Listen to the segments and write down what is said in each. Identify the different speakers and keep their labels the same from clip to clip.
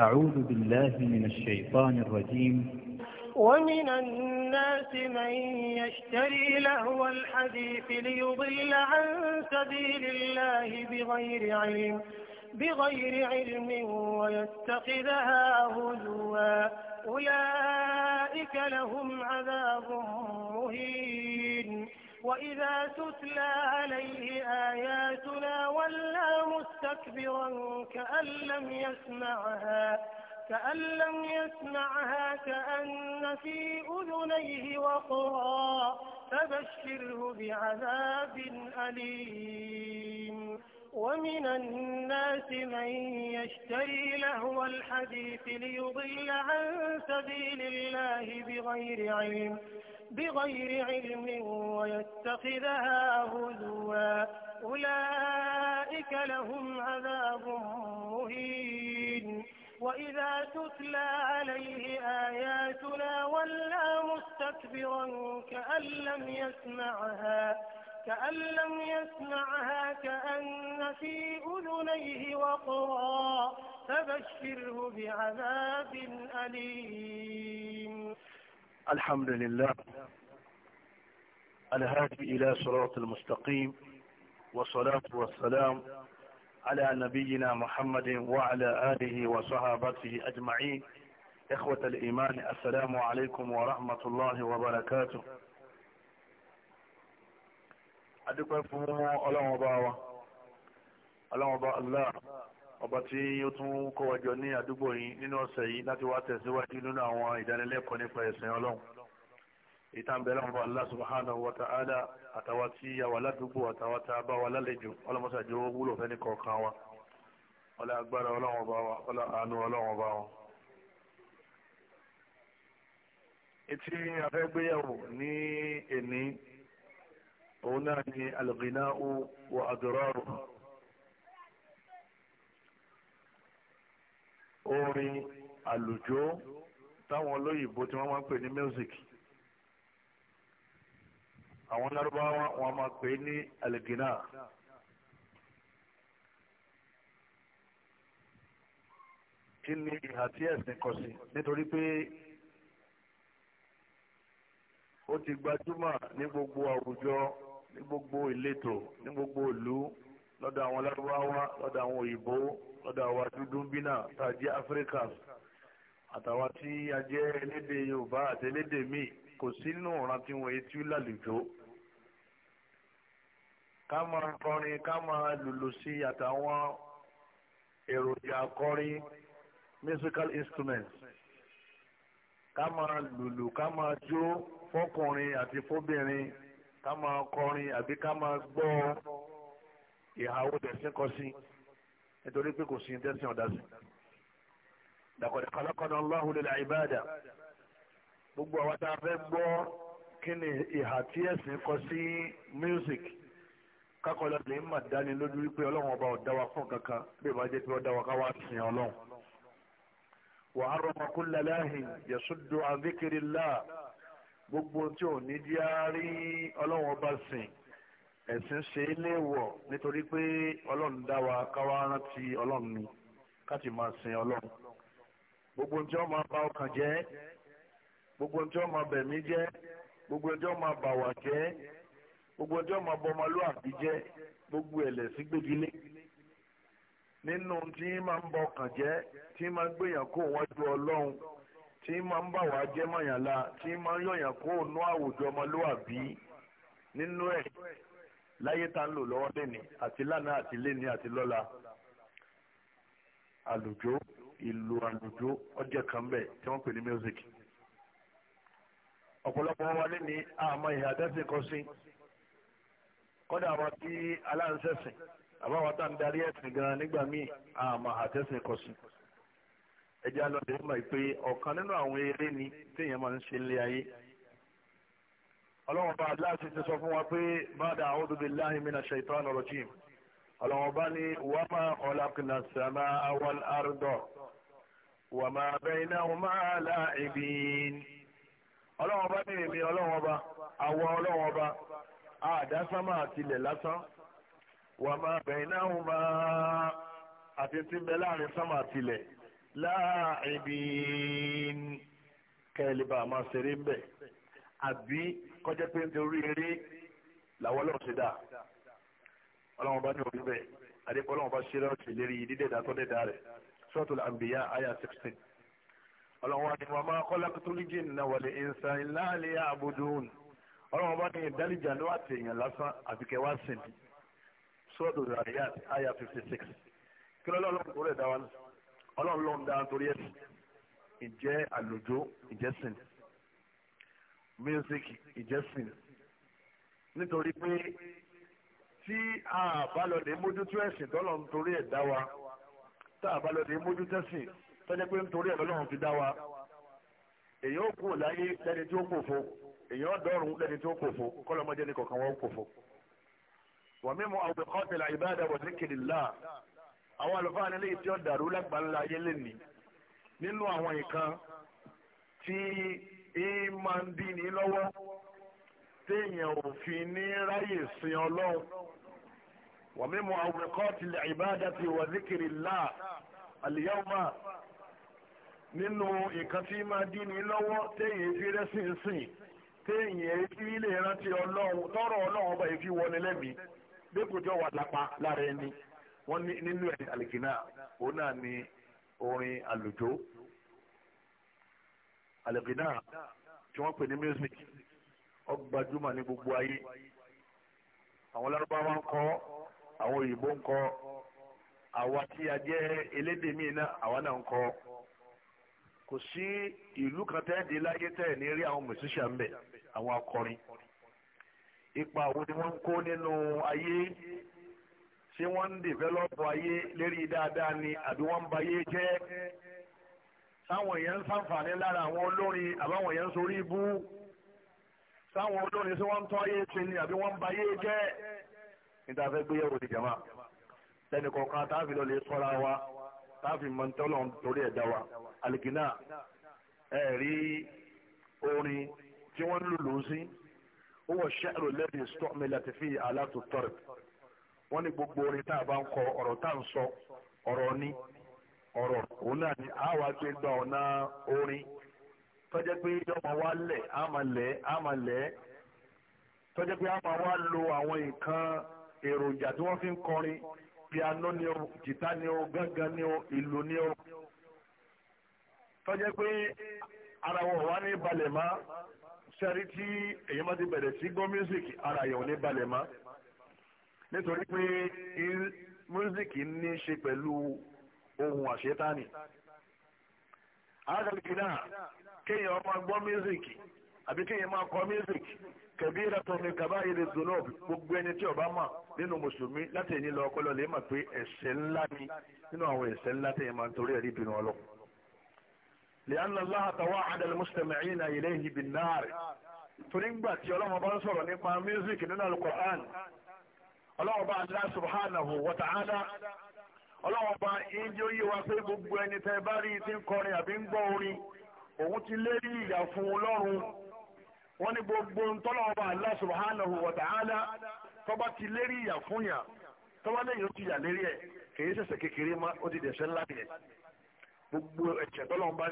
Speaker 1: أعوذ بالله من الشيطان الرجيم
Speaker 2: ومن الناس من يشتري لهو الحديث ليضل عن سبيل الله بغير علم بغير علم ويتخذها هزوا أولئك لهم عذاب مهين وإذا تتلى عليه آياتنا ولى مستكبرا كأن لم يسمعها كأن لم يسمعها كأن في أذنيه وقرا فبشره بعذاب أليم ومن الناس من يشتري لهو الحديث ليضل عن سبيل الله بغير علم بغير علم ويتخذها هزوا أولئك لهم عذاب مهين وإذا تتلى عليه آياتنا ولى مستكبرا كأن لم يسمعها كأن لم يسمعها كأن في أذنيه وقرا فبشره بعذاب أليم
Speaker 1: الحمد لله الهادي إلى صراط المستقيم والصلاة والسلام على نبينا محمد وعلى آله وصحابته أجمعين إخوة الإيمان السلام عليكم ورحمة الله وبركاته adúpẹ́ fún ọlọ́run ọba wa ọlọ́run ọba allah ọba tí ó tún kó wa jọ ní àdúgbò yìí nínú ọ̀sẹ̀ yìí láti wá tẹ̀síwájú nínú àwọn ìdánilẹ́kọ̀ọ́ nípa ẹ̀sìn ọlọ́run ìtàǹbẹ̀rẹ̀ ọba allah subhanahu wa ta'ala àtàwa tí a wà ládùúgbò àtàwa tá a bá wa lálejò ọlọ́mọṣàjò wúlò fẹ́ni kọ̀ọ̀kan wa ọlá agbára ọlọ́run ọba wa ọlá àánú ọlọ́run ọba òun náà ni alghina'u wa adraru orin àlùjó táwọn olóyìnbó tí wọ́n máa ń pè ní music àwọn lárúbáwá wọn máa pè ní alghina kí ni ìhà tí ẹ̀sìn kọ sí nítorí pé ó ti gbajúmọ̀ ní gbogbo àwùjọ ní gbogbo ìletò ní gbogbo ìlú lọ́dọ̀ àwọn lárúbáwá lọ́dọ̀ àwọn òyìnbó lọ́dọ̀ àwọn dúdú bínà tá a jẹ́ áfíríkà àtàwọn tí a jẹ́ elédè yorùbá àti elédè míì kò sí nínú ọ̀ràn tí wọ́n etí lálejò ká máa kọrin ká máa lùlù sí àtàwọn èròjà akọrin musical instruments ká máa lùlù ká máa jó fọkùnrin àti fóbìnrin ká máa kọrin àbí ká máa gbọ́ ìhàwó tẹ̀sí kọ sí nítorí pé kò sí tẹ̀sí ọ̀dà sí. dàkọ̀dẹ̀ kọlọ́kọ̀nà Allahu lil ibada gbogbo àwọn tá a fẹ́ gbọ́ kí ni ìhà tí ẹ̀sìn kọ sí music kákọlọ lè má dání lójú wípé ọlọ́run ọba ọ̀dá wa fún kankan bí ìbá jẹ́ pé ọ̀dá wa ká wá sin ọlọ́run. wa harrama kulla lahin yasuddu an dhikrillah gbogbo tí ò ní jẹ́ á rí ọlọ́run ọba sìn ẹ̀sìn ṣe é léèwọ̀ nítorí pé ọlọ́run dá wa káwá rántí ọlọ́run ni káti máa sin ọlọ́run gbogbo tí wọ́n máa bà ọkàn jẹ́ gbogbo tí wọ́n máa bẹ̀mí jẹ́ gbogbo tí wọ́n máa bàwà jẹ́ gbogbo tí wọ́n máa bọmọlúwàbí jẹ́ gbogbo ẹ̀lẹ́sìn gbégilé nínú tí máa ń bọ ọkàn jẹ́ tí máa ń gbéyàn kó wọ́n ju ọlọ́run tí máa ń bà wá jẹ́ mọ̀yànlá tí máa ń yọ̀yàn kó nú àwùjọ ọmọlúwàbí nínú ẹ̀ láyé tá ń lò lọ́wọ́ lẹ́ni àti lánàá àti lẹ́ni àti lọ́la àlùjó ìlú àlùjó ọjọ́ kan bẹ́ẹ̀ tí wọ́n pè ní music ọ̀pọ̀lọpọ̀ wọn lẹ́ni àmọ́ ìhà dẹ́sìn kan sí kọ́dà àwọn tí aláǹsẹ̀sìn àbáwọn tá ń darí ẹ̀sìn gan nígbà míì àmọ́ àtẹ̀sìn kan sí ẹjẹ́ alọ́dẹ mọ̀ pé ọ̀kan nínú àwọn eré ni téèyàn máa ń ṣe nílé ayé ọlọ́wọ́n bá aláàṣẹ ti sọ fún wa pé bàdà a'udhu billahi minash shaitanir rajim ọlọ́wọ́n bá ní wa ma khalaqna samaa wal arda wa ma baynahuma la'ibin ọlọ́wọ́n bá ní èmi ọlọ́wọ́n bá àwọn ọlọ́wọ́n bá àdásámà àtìlẹ̀ lásán wa ma baynahuma àti tí bẹ láàrin sámà àtìlẹ̀ láàbìn kẹ́lẹ́bà máa ṣeré ń bẹ̀ àbí kọjá pé nítorí eré làwọn ọlọ́run ṣe dà ọlọ́run bá ní òbí bẹ́ẹ̀ àdékọ́ ọlọ́run bá ṣe lọ́ọ̀ṣì lérí dídẹ̀dá tó dẹ̀dá rẹ̀ Suratul Anbiya àyà sixteen ọlọ́run wa ni wa ma khalaqtul jinna wal insa illa liya'budun ọlọ́run bá ní ìdálìjà ló àti èèyàn lásán àbíkẹ́ wá sìn Suratul Zariyat àyà fifty six kí lọ́lọ́run kúrẹ̀ dá wa náà ọlọ́run ló ń da torí ẹ̀sìn ìjẹ́ àlùjọ ìjẹ́sìn music ìjẹ́sìn nítorí pé tí a bá lọ lè mójútó ẹ̀sìn tọ́lọ̀ ń torí ẹ̀ dá wa tá a bá lọ lè mójútó ẹ̀sìn tọ́jẹ́ pé ń torí ẹ̀ lọ́lọ́run fi dá wa èyí ó kú láyé lẹ́ni tí ó pòfo èyí ó dọ́rùn lẹ́ni tí ó pòfo kọ́lọ́mọdé ni kọ̀ọ̀kan wọn ó pòfo. wàmí mu àwòkọ́ tẹ̀lé àyíbáyà wọ̀ ní kìlì láà àwọn àlùfáà nílé tí ó dàrú lágbàńlá ayé lẹ́nì nínú àwọn nǹkan tí í máa ń dí ní lọ́wọ́ téèyàn ò fi ní ráyè sin ọlọ́run wa min mu'awwiqati al-ibadati wa dhikrillah al-yawma nínú nǹkan tí máa dí ní lọ́wọ́ téèyàn fi rẹ́sìn sìn téèyàn fi lè rántí ọlọ́run tọrọ ọlọ́run ọba yìí fi wọni lẹ́mìí bí jọ wà lápá lára ẹni wọ́n ní nínú ẹ̀ àlìkìnà òun náà ni orin àlùjó àlìkìnà tí wọ́n pè ní music ó gbajúmọ̀ ní gbogbo ayé àwọn lárúbáwá ń kọ àwọn òyìnbó ń kọ àwa tí a jẹ́ elédè míì náà àwa náà ń kọ kò sí ìlú kan tẹ́ẹ̀dé láyé tẹ́ẹ̀ ní rí àwọn mùsíṣà ń bẹ̀ àwọn akọrin ipa wo ni wọ́n ń kó nínú ayé ṣé wọ́n ń dèvẹ́lọ́pù ayé lérí dáadáa ni àbí wọ́n ń bayé jẹ́ sáwọn èèyàn ń sàǹfààní lára àwọn olórin àbáwọn èèyàn ń sorí ibú sáwọn olórin tí wọ́n ń tọ́ ayé ṣe ni àbí wọ́n ń bayé jẹ́ níta fẹ́ gbé yẹ̀wò ní jama lẹ́nu kọ̀ọ̀kan táàfin lọ lè sọ́ra wa táàfin mọ̀ tọ́lọ̀ torí ẹ̀dá wa alìkínà ẹ̀ rí orin tí wọ́n ń lùlù sí ó wọ̀ ṣẹ́ẹ̀rù wọ́n ní gbogbo orin tá a bá ń kọ ọ̀rọ̀ tá sọ ọ̀rọ̀ ni ọ̀rọ̀ òun a wá gbé gba ọ̀nà orin tọ́jẹ́ pé ọmọ wa lẹ̀ a máa lẹ̀ máa lẹ̀ tọ́jẹ́ pé a máa wá lo àwọn nǹkan èròjà tí wọ́n fi ń kọrin piano ni o jìtá ni o gángan ni o ìlú nítorí pé músíkì ní í ṣe pẹ̀lú ohun àṣetánì arákàlùkì náà kéèyàn ọmọ gbọ́ músíkì àbí kéèyàn máa kọ músíkì kẹ̀bí ìdàtọ̀mí kaba ilé zonob gbogbo ẹni tí ọba mọ̀ nínú mùsùlùmí láti ẹni lọ ọkọ lọlẹ́ mà pé ẹ̀ṣẹ̀ ńlá ni nínú àwọn ẹ̀ṣẹ̀ ńlá tẹ̀yẹ̀ máa ń torí ẹ̀rí bínú ọlọ́ torí ń gbà tí ń sọ̀rọ̀ nípa nínú ọlọ́wọ́ba Allah subhanahu wa ta'ala ọlọ́wọ́ba ìjì ó wa pé gbogbo ẹni tẹ́ bá rí ti ń kọrin àbí ń gbọ́ orin òun ti lérí ìyà fún un wọ́n ní gbogbo ntọ́lọ́wọ́ba Allah subhanahu wa tọ́ba ti lérí ìyà fún yà tọ́ba lẹ́yìn yà lérí ẹ̀ kìí kékeré má ó ti gbogbo tọ́lọ́wọ́ba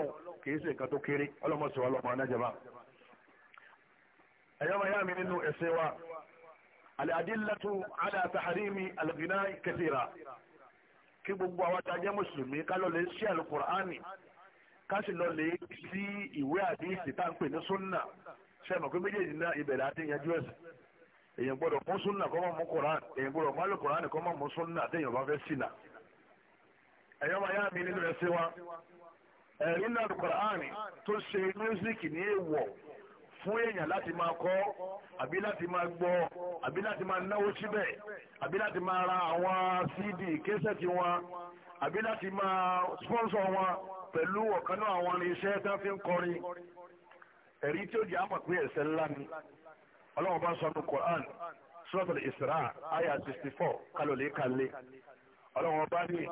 Speaker 1: ní kì í ṣe nǹkan tó kéré ọlọ́mọsọ ọlọ́mọ anájọba ẹ̀yọ́ máa yá mi nínú ẹ̀sẹ̀ wa al-adillatu ala tahrimi al-ghina kathira kí gbogbo àwọn tajẹ́ mùsùlùmí ká lọ lè ṣí àlùkùránì ká sì lọ lè sí ìwé àdìsí tá ní súnà sẹ́mi pé méjèèjì náà ìbẹ̀rẹ̀ àti ẹ̀sìn èyàn gbọ́dọ̀ mú súnà kọ́ máa mú koran èyàn gbọ́dọ̀ má lò kọ́ máa mú súnà téèyàn bá fẹ́ ṣìnà ẹ̀yọ́ mi nínú ẹ̀sìn wa ẹ̀rí lọ́dún kọ̀ránì tó ṣe mísíkì ní èèwọ̀ fún èèyàn láti máa kọ́ àbí láti máa gbọ́ àbí láti máa náwó síbẹ̀ àbí láti máa ra àwọn cd késẹ̀tì wọn àbí láti máa sponsor wọn pẹ̀lú ọ̀kanú àwọn irinṣẹ́ tán fi ń kọrin ẹ̀rí tí ó jẹ́ àmọ̀ pé ẹ̀ṣẹ̀ ńlá ni ọlọ́run bá sọ nù kọ̀ránì suratul Isra àyà 64 kálọ̀ lè kalẹ̀ ọlọ́run bá ní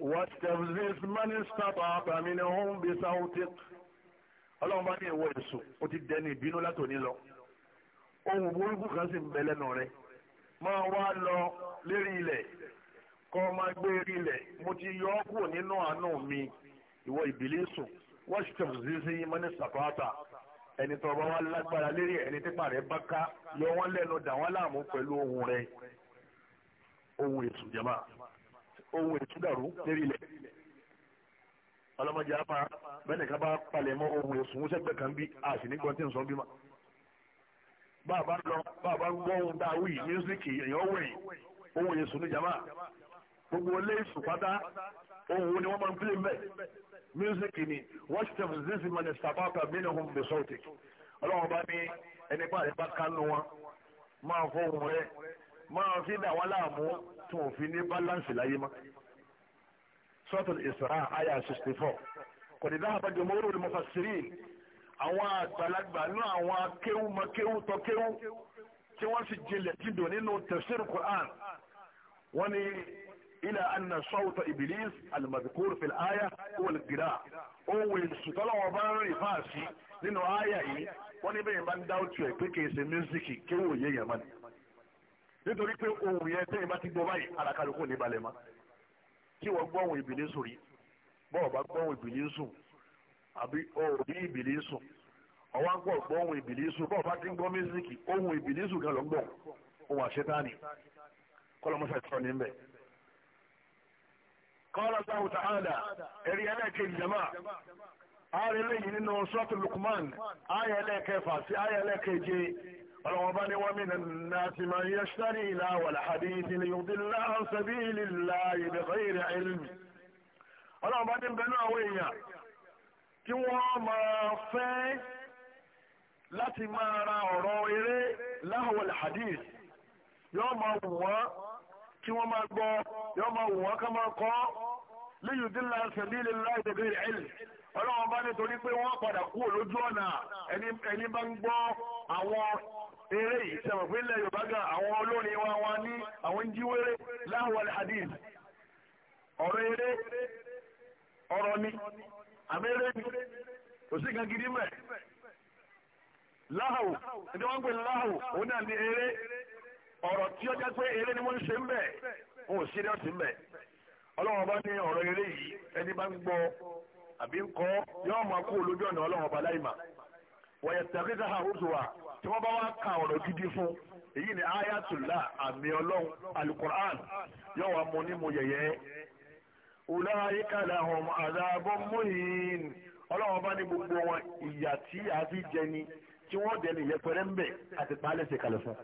Speaker 1: واستفزز من استطعت منهم بصوتك ọlọ́run bá ní ìwọ èso ó ti dẹni ìbínú látòní lọ ohun burúkú kan sì ń bẹ lẹ́nu rẹ máa wá lọ lérí ilẹ̀ kọ́ máa gbé rí ilẹ̀ mo ti yọ ọ́ kúrò nínú àánú mi ìwọ ìbílísù wọ́n sì tẹ̀sí sí sí mínísítà pátá ẹni tó bá wá lágbára lérí ẹni tí pàrẹ bá ká yọ wọ́n lẹ́nu dà wọ́n láàmú pẹ̀lú ohun rẹ ohun èso jẹ́máà ohun ètò dàrú lérí ilẹ̀ ọlọ́mọdé apá bẹ́ẹ̀ nìkan bá palẹ̀ mọ́ ohun èsùn sẹ́gbẹ̀ kan bí a sì ní gbọ́n tí ń sọ bí ma bàbá lọ bàbá ń gbọ́ ohun dáa wí mísíkì èèyàn wẹ̀yìn ohun èsùn ní jama gbogbo ilé ìsùpátá ohun wo ni wọ́n máa ń pílè mbẹ́ mísíkì ni washington zizi mani sapapa mini hum bisote ọlọ́wọ́n bá ní ẹni bá rẹ̀ bá kánú ohun rẹ̀ máa fi tún òfin ní balance láyé mọ́ suratul Isra àyà sixty four kò ní dáhàbà jumhurul mufassirin àwọn àgbàlagbà nú àwọn akéwú makéwú tọkéwú tí wọ́n sì jinlẹ̀ jìndò nínú tafsir Qur'an wọ́n ní ilà anna sawta iblis alimadukuru fil aya wal gira òun èsù tọ́lọ́wọ́ bá ń rìn fáàsì nínú aya yìí wọ́n ní bẹ́ẹ̀ bá ń dáwọ́ tiẹ̀ pé kèsè mísíkì kéwò yé yamani nítorí pé ohun yẹn tẹ́yìn bá ti gbọ́ báyìí alákàlùkù ní balẹ̀ ma kí wọ́n gbọ́ ohun ìbílẹ̀ sùn rí bọ́ọ̀ bá gbọ́ ohun ìbílẹ̀ sùn àbí òbí ìbílẹ̀ sùn ọ̀wá ń gbọ́ gbọ́ ohun ìbílẹ̀ sùn bọ́ọ̀ bá ti ń gbọ́ mísíkì ohun ìbílẹ̀ sùn kan ló ń gbọ́ ohun àṣetáni kọ́lọ́mọ́sà ti sọ ní bẹ́ẹ̀. qala Allahu ta'ala ẹ̀rí ẹlẹ́ẹ̀kejì jama ààrẹ lẹ́yìn nínú sọ́ọ̀tù Luqman ayẹlẹ́kẹfà sí ayẹlẹ́kẹje ọlọ́wọ́ bá ní wọ́n mi nà sí máa yẹ sáré ìlà wàlá hadithi ni yóò dín láhàn sábì ìlà ìdẹ̀kọ́ ìrẹ̀ ilmi ọlọ́wọ́ bá ní bẹnu àwọn èèyàn kí wọ́n máa fẹ́ láti máa ra ọ̀rọ̀ eré láhàwọ̀lá hadith yóò máa wù wọ́n kí wọ́n máa gbọ́ yóò máa wù wọ́n ká máa kọ́ líyùdínlá sẹ̀bílì láìdẹ̀gbẹ̀rì ẹ̀lì eré yìí sẹ́wọ̀n pé ilẹ̀ Yorùbá gan àwọn wa wọn ní àwọn jíwèrè láwọn hadith ọ̀rọ̀ eré ọ̀rọ̀ ni àmẹ́rẹ́ ni kò sí kan gidi mẹ́ ẹni wọ́n ń pè òun ni wọ́n ń ṣe ń bẹ̀ ò sí ní ọ̀sìn bẹ̀ ọlọ́wọ́n bá ní ọ̀rọ̀ eré yìí wọ̀yẹ̀tẹ̀kíkà àhùtùwà tí wọ́n bá wá ka ọ̀rọ̀ gidi fún èyí ni ayatollah àmì ọlọ́run alukur'an yóò wá mu ní mu yẹ̀yẹ́. ulaika lahum azabun muhin ọlọ́run bá ní gbogbo wọn ìyà tí a ni tí wọ́n dẹni yẹpẹrẹ ń bẹ̀ àti pàálẹ̀ ṣe kalẹ̀ fún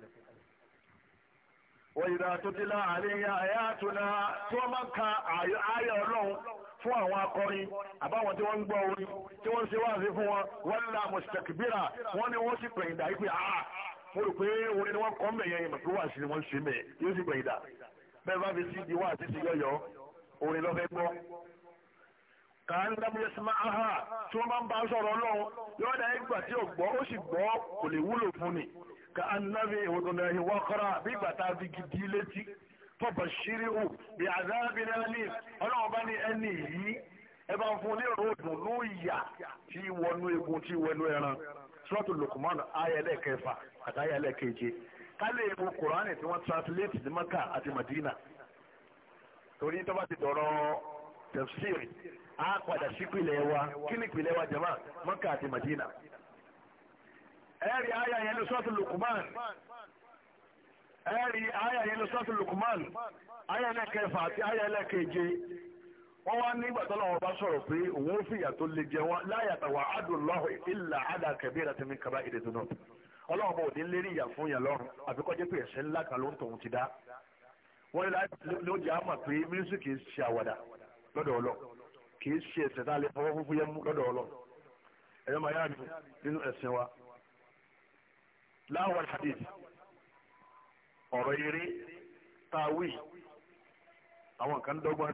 Speaker 1: wọ̀nyíra tó dé láàrin àyà àtúnà tí wọ́n máa ń ka àyà ọlọ́run fún àwọn akọrin àbáwọn tí wọ́n ń gbọ́ orin tí wọ́n ń ṣe wáàsí fún wọn wọ́n ń la mọ̀sítẹ̀kìbíra wọ́n ní wọ́n sì pẹ̀yìn dà wípé àá ah, mo rò pé orin ni wọ́n kọ́ mẹ̀ yẹn ìmọ̀ pé wáàsí ni wọ́n ṣe mẹ̀ yóò sì pẹ̀yìn bẹ́ẹ̀ bá fi sí di wáàsí sí yọ̀yọ̀ orin lọ́fẹ́ gbọ́ kàán dábò yẹ sima aha tí wọ́n bá ń bá sọ̀rọ̀ ọlọ́run yọ̀ọ́dà ẹgbà tí ò gbọ́ ó sì gbọ́ kò lè wúlò fún ni ka annabi ìwòdùnàhì wọ́kọ́rà bí bàtà fi gidi létí tọ́bà ṣírí hù bí àdáàbìnrin ní ọlọ́run bá ní ẹni yìí ẹ bá fún ní ròdùn ló yà tí wọnú egun tí wọnú ẹran sọ́ọ̀tù Luqman ayẹlẹ́ kẹfà àti ayẹlẹ́ keje kálẹ̀ ewu kùránì tí wọ́n translate ní Maka àti Madina torí tọ́ba ti dọ̀rọ̀ tafsiri á padà sípìlẹ̀ wa kí ni ìpìlẹ̀ wa jama Maka àti Madina ẹ̀rí ayà yẹn lọ sọ́tù Luqman ẹ̀rí ayà yẹn lọ sọ́tù Luqman ayà ẹlẹ́kẹfà àti ayà ẹlẹ́kẹje wọ́n wá nígbà tó lọ́wọ́ bá sọ̀rọ̀ pé òun fìyà tó lè jẹ wọn la yatawa'adu Allahu illa 'ala kabiratin min kaba'iri dhunub ọlọ́run bò ní lérí ìyà fún yà lọ́rùn àfikọ́ pé ẹ̀ṣẹ̀ ńlá kan ló ń tòun ti dá wọ́n ló jẹ́ àmà pé mínísítì kì í ṣe àwàdà lọ́dọ̀ kì í ṣe ẹ̀ṣẹ̀ tá a lè fọwọ́ fúnfún yẹn mú lọ́dọ̀ ọlọ́ yára nínú ẹ̀sìn wa láwọn hadith ọ̀rọ̀ eré tàwí àwọn kan dọ́gbọ́n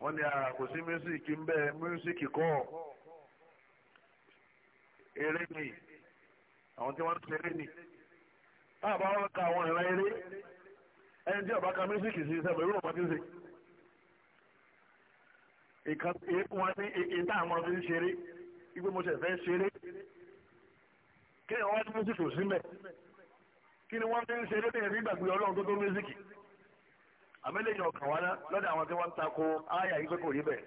Speaker 1: wọ́n ní kò sí mísíkì ń bẹ́ẹ̀ mísíkì kọ́ eré ni àwọn tí wọ́n ń ṣeré ni táàbà wọn ka àwọn ìran eré ẹni tí ọba ka mísíkì sí sẹ́mi irú ọba ti ń ṣe ìkan èékún wa ní ìta àwọn fi ń ṣeré igbó mo ṣe fẹ́ ṣeré kéèyàn wá ní mísíkì ò sí mẹ́ kí ni wọ́n fi ń ṣe lóde ẹ̀rí gbàgbé ọlọ́run tó tó mísíkì àmẹ́lẹ́yìn ọkàn wa lọ́dọ̀ àwọn tí wọ́n ń tako ááyà yìí pé kò rí bẹ́ẹ̀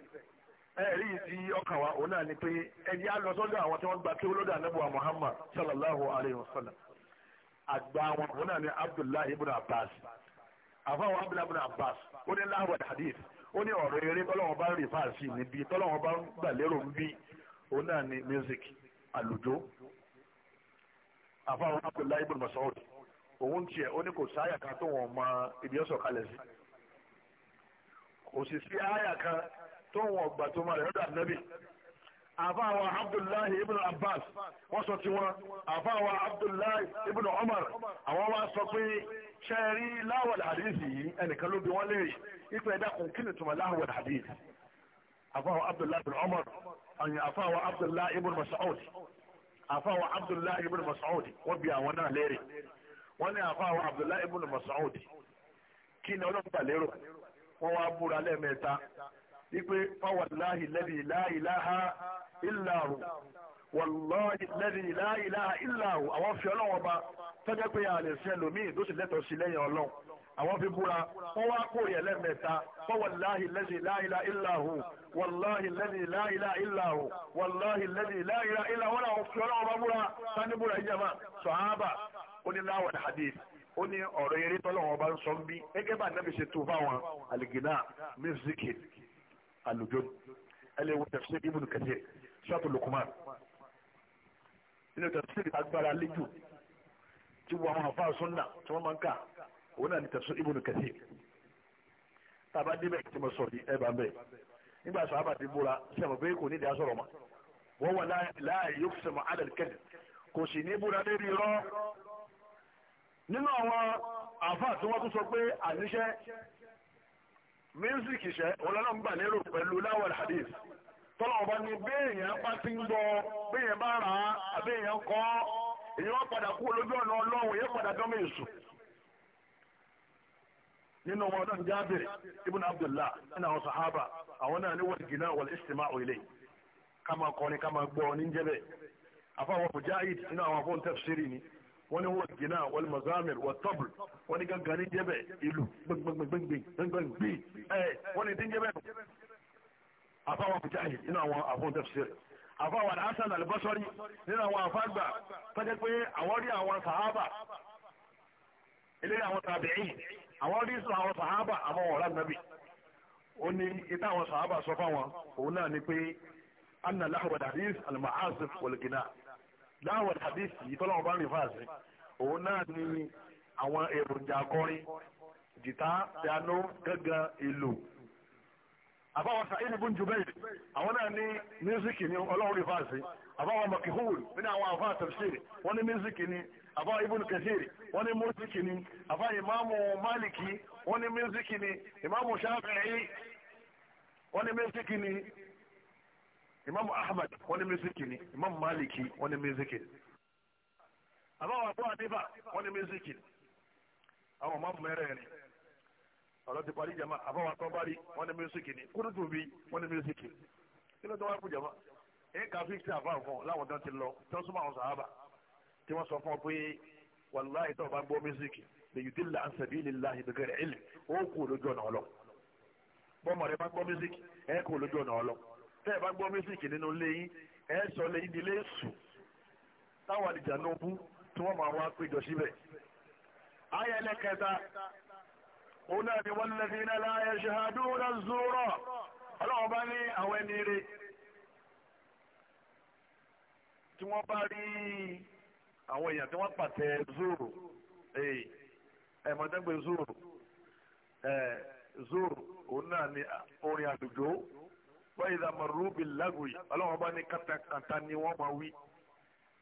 Speaker 1: ẹ̀rí ti ọkàn wa òun náà ni pé ẹ̀jẹ̀ á lọ sọ́dọ̀ àwọn tí wọ́n gba kí olódà anábọ̀ Muhammad sallallahu alayhi wa sallam àgbà wọn òun náà ni Abdullahi ibn Abbas àfọwọ́ Abdullahi ibn Abbas ó ní láhùn hadith ó ní ọ̀rọ̀ eré tọ́lọ́wọ́n bá ń rí fáàsì níbi tọ́lọ́wọ́n bá ń gbà lérò ń bí òun náà ni music àlùjọ àfáwọn Abdullahi ibn Mas'ud òun tiẹ̀ ó ní kò sáyà kan tó wọn mọ ibi ọ̀sọ̀ kalẹ̀ sí kò sì sí àyà kan tó wọn gbà tó máa rẹ̀ lọ́dọ̀ ànábì àfáwọn Abdullahi ibn Abbas wọ́n sọ tiwọn àfáwọn Abdullahi ibn Umar àwọn wá sọ pé ṣẹ́ẹ̀rí láwọ̀lẹ̀ hadith yìí ẹnìkan ló bí wọ́n léèrè ipò ẹ̀dá kò tuma láwọ̀lẹ̀ hadith àfáwọn Abdullahi ibn Umar àyìn àfáwọn Abdullahi ibn Mas'ud àfáwọ̀ abdullahi ibn mas'ud wọ́n bi àwọn náà léèrè wọ́n ní àfáwọ̀ abdullahi ibn mas'ud kí ni ọlọ́pàá lérò wọ́n wá búra lẹ́ẹ̀mẹ́ta wípé fáwọláhi lẹ́dí láìláha ìlàhù wàlọ́ọ̀dì lẹ́dí láìláha ìlàhù àwọn fi ọlọ́wọ́n ba tọ́jọ́ pé àlè sí ẹlòmíì tó sì lẹ́tọ̀ọ́ sí lẹ́yìn ọlọ́run àwọn fi búra wọn wá kórè ẹlẹ́mẹ̀ta fọwọ́láhi lẹ́ni láìla ìlàhù wọ́láhi lẹ́ni láìla ìlàhù wọ́láhi lẹ́ni láìla ìlàhù wọn làwọn fi ọlọ́wọ́ bá búra sani búra yìí jama sọ̀hábà ó ní láwọn hadith ó ní ọ̀rọ̀ eré tọ́lọ́wọ́ bá ń sọ ń bí gẹ́gẹ́ bá nàbì ṣe tó fáwọn àlìgínà mísíkì àlùjọ ẹlẹ́wọ̀ tafsir ibùdó kẹsẹ̀ sọ́tò lukuman nínú tafsir òun náà ní tẹ̀sán ibùn kẹsì tàbá débẹ̀ tí mo sọ ní ẹ bá ń bẹ̀ nígbà sọ àbàdì búra sẹ́mu pé kò ní ìdí asọ̀rọ̀ ma wọ́n wà láàyè yóò sẹ́mu alẹ́ kẹ́lẹ̀ kò sì ní búra lérí rọ́ nínú àwọn àfáà tí wọ́n tún sọ pé àníṣe music iṣẹ́ ọlọ́nà ń gbà lérò pẹ̀lú láwọ̀lì hadith tọ́lọ̀ ọba ni béèyàn bá ti ń gbọ́ béèyàn bá rà á àbẹ́yàn kọ́ èyí wọ́n padà kú olójú ọ̀nà ọlọ́run èyí padà dánmọ̀ èṣù nínú wọn náà jábìrì ibùn abdullah nínú àwọn sahaba àwọn náà ní wọ́n gina wọ́n ìsìnmá òyìnlẹ̀ kama kọ́ni kama gbọ́ ní jẹ́bẹ̀ afáwọn mujahid nínú àwọn afọ́n tafsiri ni wọ́n ní wọ́n gina wọ́n mazamir wọ́n tọ́bù wọ́n ní gangan ní jẹ́bẹ̀ ìlú gbẹ̀gbẹ̀gbẹ̀gbẹ̀ wọ́n ní dín jẹ́bẹ̀ afáwọn mujahid nínú àwọn afọ́n tafsiri àfáwọn alhassan albasori nínú àwọn àfágbà tọ́jẹ́ pé àwọn rí àwọn sahaba ilé àwọn tàbíyìn àwọn rí sọ àwọn sàhábà àmọ́ wọn rán nàbì ó ní ìta àwọn sàhábà sọ fáwọn òun náà ni pé anna lahawad hadith al-ma'asif wal-gina lahawad hadith yìí tọ́lọ́wọ́n bá rìn fáàsì òun náà ni àwọn èròjà akọrin jìtá piano gángan ìlú àbáwọn sa'id ibn Jubayr àwọn náà ní mísíkì ní ọlọ́run rìn fáàsì àbáwọn makihul nínú àwọn àfáà tafsiri wọ́n ní mísíkì ni àbáwọn ibùn kẹsìrì wọ́n ní mísíkì ni àbáwọn imamu Maliki. wọ́n ní mísíkì ni imamu ṣáfi'í wọ́n ní mísíkì ni imamu ahmad wọ́n ní mísíkì ni imamu Maliki. wọ́n ní mísíkì ni àbáwọn àbúrò Adiba. wọ́n ní mísíkì ni àwọn ìmáàmù mẹ́rẹ̀ẹ̀rin ọ̀rọ̀ ti parí jama àbáwọn àtọ́bárí wọ́n ní mísíkì ni kúrútùbí wọ́n ní mísíkì ni kí ló tó wá kú jama ẹ kà fífi àfáà fún ọ láwọn tó ti lọ tó súnmọ́ àwọn sàhábà tí wọ́n sọ fún ọ pé wàláhì tó o bá gbọ́ mísíkì lèyí tí là ń sẹ̀bí lílá ìdíkẹrẹ ìlì ó kú lójú ọ̀nà ọlọ bọ́mọ rẹ bá gbọ́ mísíkì ẹ kú lójú ọ̀nà ọlọ tẹ́ ẹ bá gbọ́ mísíkì nínú léyìn ẹ sọ léyìn di léṣù táwọn àdìjà náà bú tí wọ́n máa wá péjọ síbẹ̀. ayé ẹlẹ́kẹta òun náà láyé ṣe àdúrà zúrọ̀ ọlọ́run bá ní àwọn ẹni rẹ̀ tí wọ́n bá rí àwọn èèyàn tí wọ́n pàtẹ zoro eh, ẹ̀mọ́dẹ́gbẹ̀ zoro eh, zoro òun náà ni orin àdùjọ wọ́n ìdá mọ̀rúbì lágùrì ọlọ́wọ́n bá ní kàtàkàtà ni wọ́n máa wí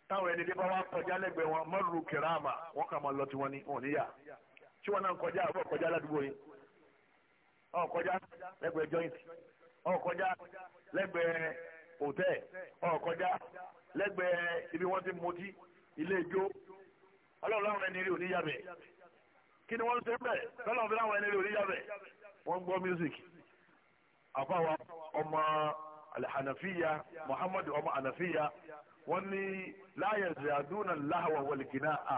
Speaker 1: táwọn ẹni dé bá wá kọjá lẹ́gbẹ̀ẹ́ wọn mọ́rù kìráàmà wọ́n kà máa lọ tiwọn ní wọn níyà tí wọ́n náà ń kọjá àbọ̀ kọjá ládùúgbò yìí ọ̀ kọjá lẹ́gbẹ̀ẹ́ joint ọ̀ kọjá lẹ́gbẹ̀ẹ́ hòtẹ́ẹ̀ ọ̀ kọjá lẹ́gbẹ̀ẹ́ ibi wọn ti mutí ilé ijó ọlọ́run láwọn ẹni rí oníyàbẹ̀ kí ni wọn ń ṣe bẹ́ẹ̀ lọ́lọ́run fi láwọn ẹni rí oníyàbẹ̀ wọ́n ń music ọmọ alhanafiya muhammadu ọmọ anafiya wọn ní láyé zàdúnà láhàwà wọlìkìnà à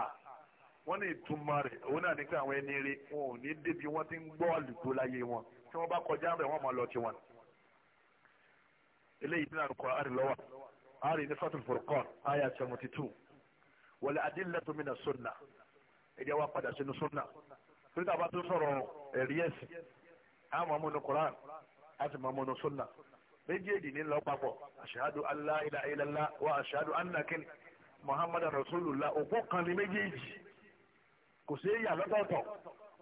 Speaker 1: wọ́n ní ìtumọ̀ rẹ̀ òun náà ní pé àwọn ẹni rí wọn ò ní débi wọ́n ti ń gbọ́ àlùkò láyé wọn tí wọ́n bá kọjá ari ní sọ́tún furqan aya seventy two wal adillatu mina sunna ẹ̀jẹ̀ wa padà sínú sunna torí tá a bá tún sọ̀rọ̀ ẹ̀rí ẹ̀sìn a máa múnú quran a sì máa múnú sunna méjèèjì ní lọ papọ̀ ashhadu an la ilaha illallah wa ashhadu anna kin muhammad rasulullah òpó kan ní méjèèjì kò sí èyà lọ́tọ̀ọ̀tọ̀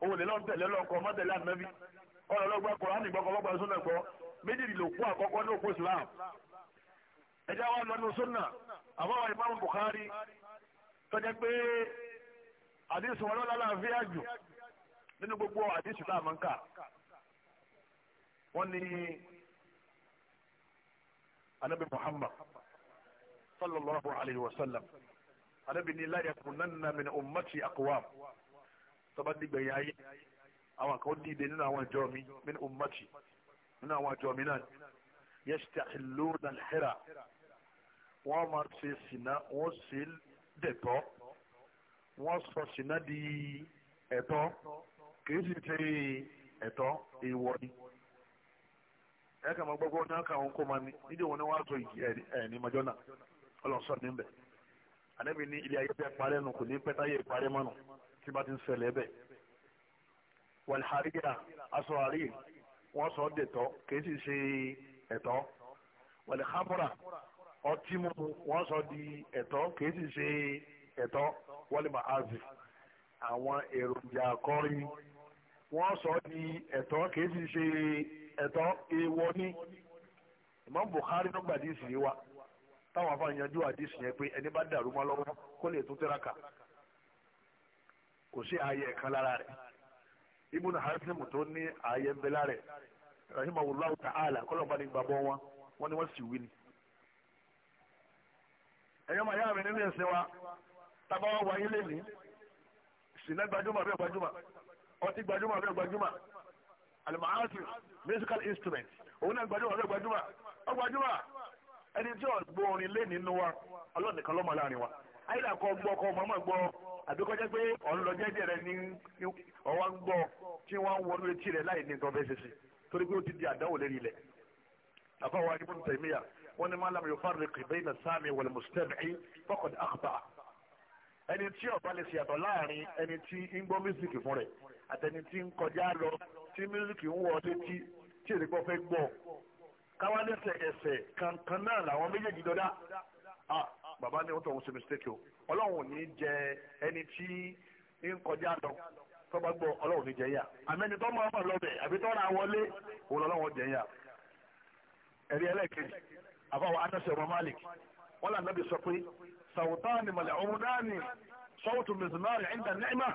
Speaker 1: òun lè lọ́n tẹ̀lé lọ́kọ̀ mọ́tẹ̀lé ànábì ọ̀rọ̀ lọ́gbà quran ìgbọ́kọ̀ lọ́gbà sunna gbọ́ méjèèjì ló kó àkọ́kọ́ ní òpó islam ẹjẹ wa lọ nínú sunna àbáwá imam bukhari tọjá pé àdìsí wọn lọ́la láàfíà jù nínú gbogbo àdìsí tá a máa ń kà wọ́n ní anabi muhammad sallallahu alayhi wa sallam anabi ní la yakunanna min ummati aqwam tọba dìgbà yá yé àwọn kan dìde nínú àwọn ìjọ mi min ummati nínú àwọn ìjọ mi náà yastahilluna al-hira wọ́n máa ṣe sìnà wọ́n ṣe dẹ̀tọ́ wọ́n sọ sìnà di ẹ̀tọ́ kìí sì ṣe ẹ̀tọ́ èèwọ̀ ni ẹ kà máa gbọ́gbọ́ náà kà kó máa ní nídìí wọn ni wọ́n á sọ ìjì ẹ̀ ní mọ́jọ́ náà ọlọ́sọ níbẹ̀ ànábì ní ilé ayé fẹ́ parẹ́ nù kò ní pẹ́ táyé parẹ́ mọ́nù tí bá ti ń ṣẹlẹ̀ bẹ́ẹ̀ wàlhàríyà aṣọ àríyè wọ́n sọ dẹ̀tọ́ kìí sì ṣe ẹ̀tọ́ wàlhàbúrà ọtí mu wọ́n sọ di ẹ̀tọ́ kìí sì ṣe ẹ̀tọ́ wọ́lé ma azì àwọn èròjà akọrin wọ́n sọ di ẹ̀tọ́ kìí sì ṣe ẹ̀tọ́ èèwọ̀ ni Imam ló gbàdí ìsìn wa táwọn afa yanjú àdìsí yẹn pé ẹni bá dàrú mọ́ lọ́wọ́ kó lè tún tẹ́ràkà kò sí ààyè ẹ̀kan lára rẹ̀ Ibn Hazm tó ní ààyè ń bẹ lára rẹ̀ rahimahullahu ta'ala kọ́lọ́ọ̀bá ni gbàgbọ́ wọn wọ́n ní wọ́n sì wí ni ẹ̀yọ́ máa yá mi nínú ẹ̀sìn wa tábà wá wáyé lè ní ìsìnlẹ̀ gbajúmọ̀ bẹ́ẹ̀ gbajúmọ̀ ọtí gbajúmọ̀ bẹ́ẹ̀ gbajúmọ̀ alimahaatu musical instrument òun náà gbajúmọ̀ bẹ́ẹ̀ gbajúmọ̀ ọ gbajúmọ̀ ẹni tí ọ̀gbọ́ orin lé nínú wa ọlọ́nìkan lọ́mọ láàrin wa ayílà kọ́ gbọ́ kọ́ mọ́mọ́ gbọ́ àbíkọ́jẹ́ pé ọ̀nlọ́jẹ́jẹ́ rẹ ní ọwọ́ ń gbọ́ tí wọ́n ń wọnú etí rẹ láì ní nǹkan fẹ́ ṣe sí torí pé ó ti di àdánwò lérí ilẹ̀ àbáwọ̀ adébọ̀n tẹ̀míyà wọ́n ní máa lam yufarriqu bayna as-sami wal-mustami'i faqad akhta' ẹni tí ó bá lè ṣèyàtọ̀ láàrin ẹni tí ń gbọ́ mísíkì fún rẹ̀ àtẹni tí ń kọjá lọ tí mísíkì ń wọ létí tí èrè gbọ́ fẹ́ gbọ́ káwá lẹ́sẹ̀ ẹsẹ̀ kankan náà làwọn méjèèjì dọ́dá bàbá ní wọ́n ṣe mistake o ọlọ́run ò ní jẹ ẹni tí ń kọjá lọ tọ́ba gbọ́ ọlọ́run ní jẹ́yà àmẹ́ni tó máa ń lọ bẹ̀ àbí tọ́ra wọlé òun ọlọ́run jẹ́yà ẹ̀rí ẹlẹ́ẹ̀kejì àbáwọ̀ anásẹ̀ ọmọ malik wọ́n là nàbì sọ pé sàwùtáàni mọ̀lẹ̀ ọ̀húndáàni sọ́wọ́tù mizmari ẹ̀ńdà nẹ́ẹ̀mà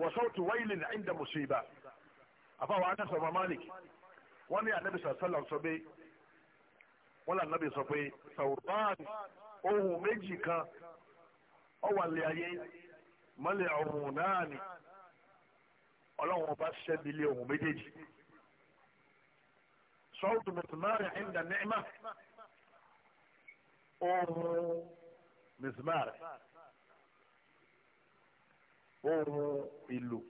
Speaker 1: wọ̀ sọ́wọ́tù wáyìlì ẹ̀ńdà mùsíbà àbáwọ̀ anásẹ̀ ọmọ malik wọ́n ní ànábì sàṣàlà sọ pé wọ́n là nàbì sọ pé sàwùtáàni ohun méjì kan ọwà lè ayé mọ́lẹ̀ ọ̀húndáàni ọlọ́run ọba ṣẹ́bi lé ohun méjèèjì sọ́wọ́tù mizmari ẹ̀ńdà nẹ́ẹ̀mà oorun mizmar oorun ilu.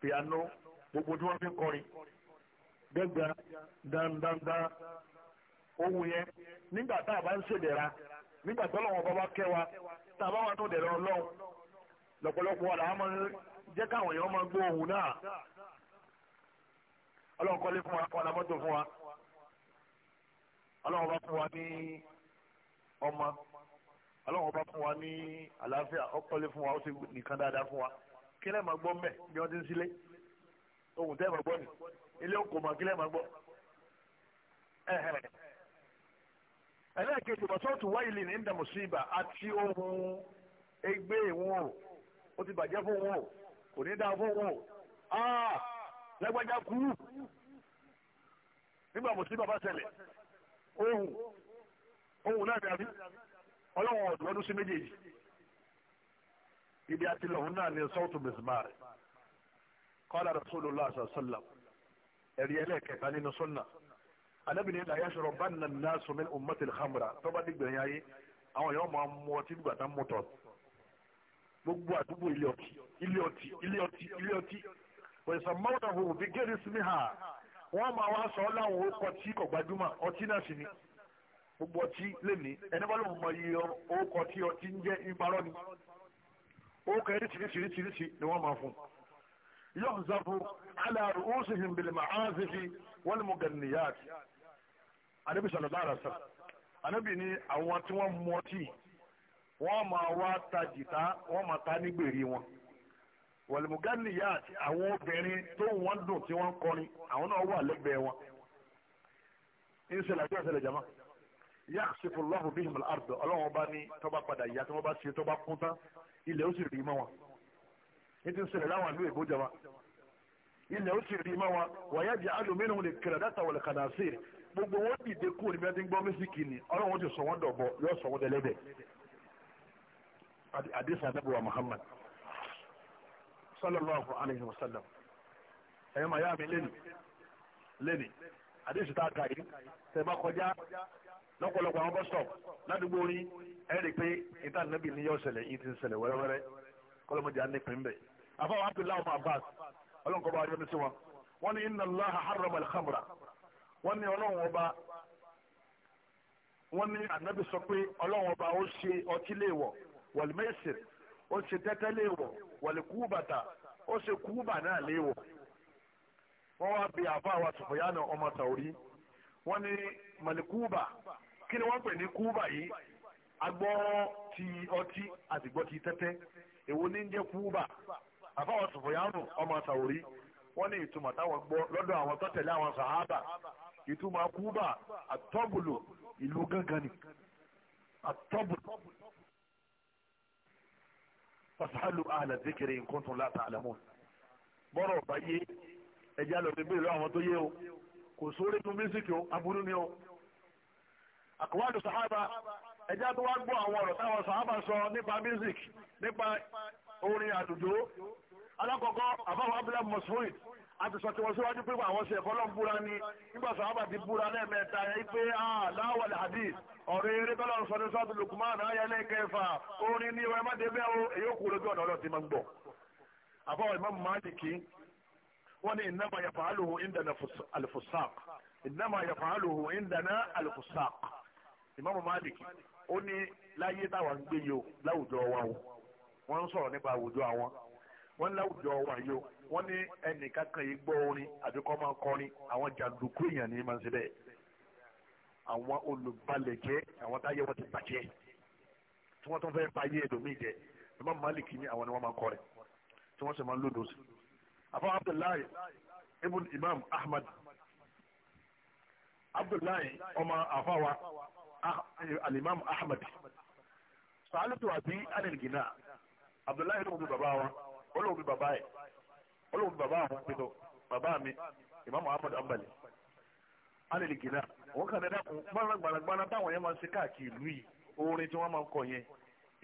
Speaker 1: piano gbogbo tí wọ́n fi ń kọrin ohun yẹn nígbà tá a bá ń ṣèdẹ̀ra nígbà bá bá kẹ́ wa tá a bá wà tó dẹ̀rẹ̀ lọ́pọ̀lọpọ̀
Speaker 2: a máa jẹ́ káwọn èèyàn máa ohun náà kọ́lé fún wa ọ̀la mọ́tò fún wa bá
Speaker 1: ọmọ ọlọ́run ọba fún wa ní àlàáfíà ọkọlé fún wa ó sì nìkan dáadáa fún wa kí lẹ́ẹ̀ máa gbọ́ mbẹ́ bí wọ́n ti ń sílé ohun tẹ́ ẹ̀ máa gbọ́ ni ilé òkò máa kí lẹ́ẹ̀ máa gbọ́ ẹlẹ́ẹ̀kejì bọ̀sọ́ọ̀tù wáyìlì ní ìdàmùsíbà àti ohun ẹgbẹ́ ìwọ̀n o ó ti bàjẹ́ fún wọn o kò ní dáa fún wọn o aa ah! lágbájá kú nígbà mùsíbà bá ṣẹlẹ̀ ohun ohun náà dàbí ọlọ́wọ́n ọ̀dùn ọdún sí méjèèjì ibi àti lọ́hùn náà ni sọ́ọ̀tù mẹ́sìmáàrì kọ́lá rasulullah sallam ẹ̀rí ẹlẹ́ẹ̀kẹta nínú sunna alábìnrin ilà yasọ̀rọ̀ bá nà nà sọmi ummati alhamra tó bá dìgbà yẹn ayé àwọn yẹn máa mú ọtí nígbà tá mú tọ́ gbogbo àdúgbò ilé ọtí
Speaker 3: ilé ọtí ilé ọtí ilé ọtí
Speaker 1: wọ́n sọ mọ́tò hù bí gẹ́rì sinmi hà wọ́n máa wá sọ ọ́ láwọn orúkọ tí kò gbajúmọ̀ ọtí náà sì ni. gbogbo ọtí lèmi ẹni bá lóun mọ nje orúkọ tí ọtí ń jẹ ìparọ́ ni orúkọ yẹn ríṣiríṣiríṣiríṣi ni wọ́n máa fún yóò zabu aláàrú oṣù hìnbìlìmọ̀ áńsìfì wọ́n mú gàníyàtì anábì sọ̀rọ̀ àràsà anábì ni àwọn tí wọ́n mú ọtí wọ́n máa ta ta nígbèrè wọn wọ́n mú gàníyàtì obìnrin tó wọ́n dùn tí wọ́n kọrin àwọn náà wà lẹ́gbẹ̀ẹ́ wọn ń jama. yaksifu Allahu bihim al-ard ọlọ́run bá ní tọ́ba padà ìyá tí wọ́n bá ṣe tọ́ba kún tán ilẹ̀ ó sì rí mọ́ wọn ní ti ń ṣẹlẹ̀ láwọn ìlú èbó jama ilẹ̀ ó sì rí mọ́ wọn wàyà jẹ́ alùmínú lè kẹrẹ̀ dáta wọlé kàdà sí i gbogbo wọn dìde kúrò níbi ẹni gbọ́ mísíkì ni ọlọ́run ti sọ wọn dọ̀bọ̀ yóò sọ wọn dẹlẹ́dẹ̀ àdìsí adábọ̀wá lọ́pọ̀lọpọ̀ àwọn bọ́sítọ̀ ládùúgbò yín ẹ rí i pé ìta nàbì ni yóò ṣẹlẹ̀ yìí ti ń ṣẹlẹ̀ wẹ́rẹ́wẹ́rẹ́ kọ́lọ́mọdé anípìn bẹ̀. àfọwọ́ abdullahi ọmọ abbas ọlọ́nkọ́ bá yọmísí wọn wọ́n ní inna allaha harrama al-khamra wọ́n ní ọlọ́run ọba wọ́n ní anabi sọ pé ọlọ́run ọba ó ṣe ọtí léèwọ̀ wal-maisir ó ṣe tẹ́tẹ́ léèwọ̀ wal-kubata ó ṣe kúbà náà léèwọ̀ wọ́n wá bí àbá wa Sufyana ọmọ tàwórí wọ́n ní malikuba kí ni wọ́n pè ní kúbà yìí agbọ́ ti ọtí àti gbọ́ ti tẹ́tẹ́ èwo ní ń jẹ́ kúbà àfáwọn sọ̀fọ̀yánù ọmọ sàwórí wọ́n ní ìtumọ̀ táwọn gbọ́ lọ́dọ̀ àwọn àwọn sàhábà ìtumọ̀ àtọ́bùlù ìlú gángan ni àtọ́bùlù fasahalu ala zikiri in kuntum la ta'lamun bọ́rọ̀ ọ̀bá yé ẹja ìlú àwọn tó àkọwàlù sàhábà ẹjá tó wá gbọ́ àwọn ọ̀rọ̀ táwọn sàhábà sọ nípa music nípa orin àdùdó alákọ̀ọ́kọ́ àbáwọ̀ abúlé mosford àti sọ tiwọn síwájú pé àwọn ṣe ẹ̀kọ́ lọ́n búra ni nígbà sàhábà ti búra lẹ́ẹ̀mẹ́ta yẹn pé aláwọ̀ làdí ọ̀rọ̀ eré tọ́lọ̀ ń sọ ní sọ́ọ̀tù lukumana ayẹlẹ́ kẹfà orin ni ìwà ẹ̀mọ́dé bẹ́ẹ̀ o èyí kú lójú ọ̀nà ọlọ́ọ̀tì máa ń gbọ́ àbáwọ̀ Imam Maliki wọ́n ní ìnáma ìnáma ìmáàmù Malik ó ní láyé táwa ń gbé yìí o láwùjọ wa o wọ́n ń sọ̀rọ̀ nípa àwùjọ àwọn wọ́n láwùjọ wa yìí o wọ́n ní ẹnìkan kan yìí gbọ́ orin àbí kọ́ máa kọrin àwọn jàǹdùkú èèyàn ní máa ń ṣe bẹ́ẹ̀ àwọn olùbalẹ̀jẹ́ àwọn táyé wọn ti bàjẹ́ tí wọ́n tún fẹ́ báyé ẹ̀dọ̀mí jẹ ìmáàmù Malik ní àwọn ni wọ́n máa kọrin tí wọ́n sì máa ń lòdò sí. àfọwọ́ Abdullahi ibn Imam Ahmad Abdullahi ọmọ àfọwọ́ alimami ahmed sàálùtù àbí anilgina abdullahi ló ń bi bàbá wa ó ló ń bi bàbá yẹ ó ló ń bi bàbá àwọn pẹtọ bàbá mi imamu ahmed ambali anilgina wọn kàn ní dàkún gbanagbanagbana táwọn yẹn máa ń káàkiri ìlú yìí orin tí wọn máa kọ yẹn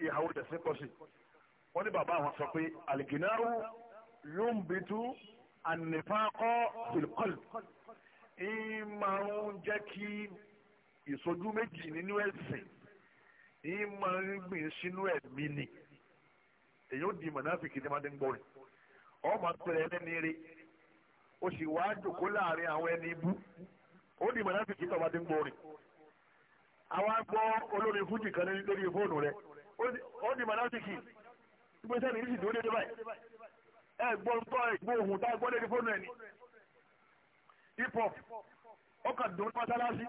Speaker 1: ìhàwó tẹsán pọ wọn ní bàbá àwọn sọ pé aliginaru yóò ń bitu anifakọ filikọlù ìmàrún jẹ kí ìsojú méjì nínú ẹ̀sìn yìí máa ń gbìn sínú ẹ̀mí ni èyí di mọ̀nàfíkì ní madé rẹ̀ ọmọ pẹ̀lẹ́ ẹlẹ́ni o sì wá jòkó láàrin àwọn ẹni ibú di mọ̀nàfíkì tó madé rẹ̀ àwọn agbọ́ olórin fújì kan lórí fóònù rẹ̀ di mọ̀nàfíkì ìgbésẹ̀ nìyí sì dúró dédé báyìí ẹ gbọ́ ń tọ́ ohun tá a gbọ́ lórí fóònù ẹ̀ ní hip hop ọkàn dùn mọ́sálásí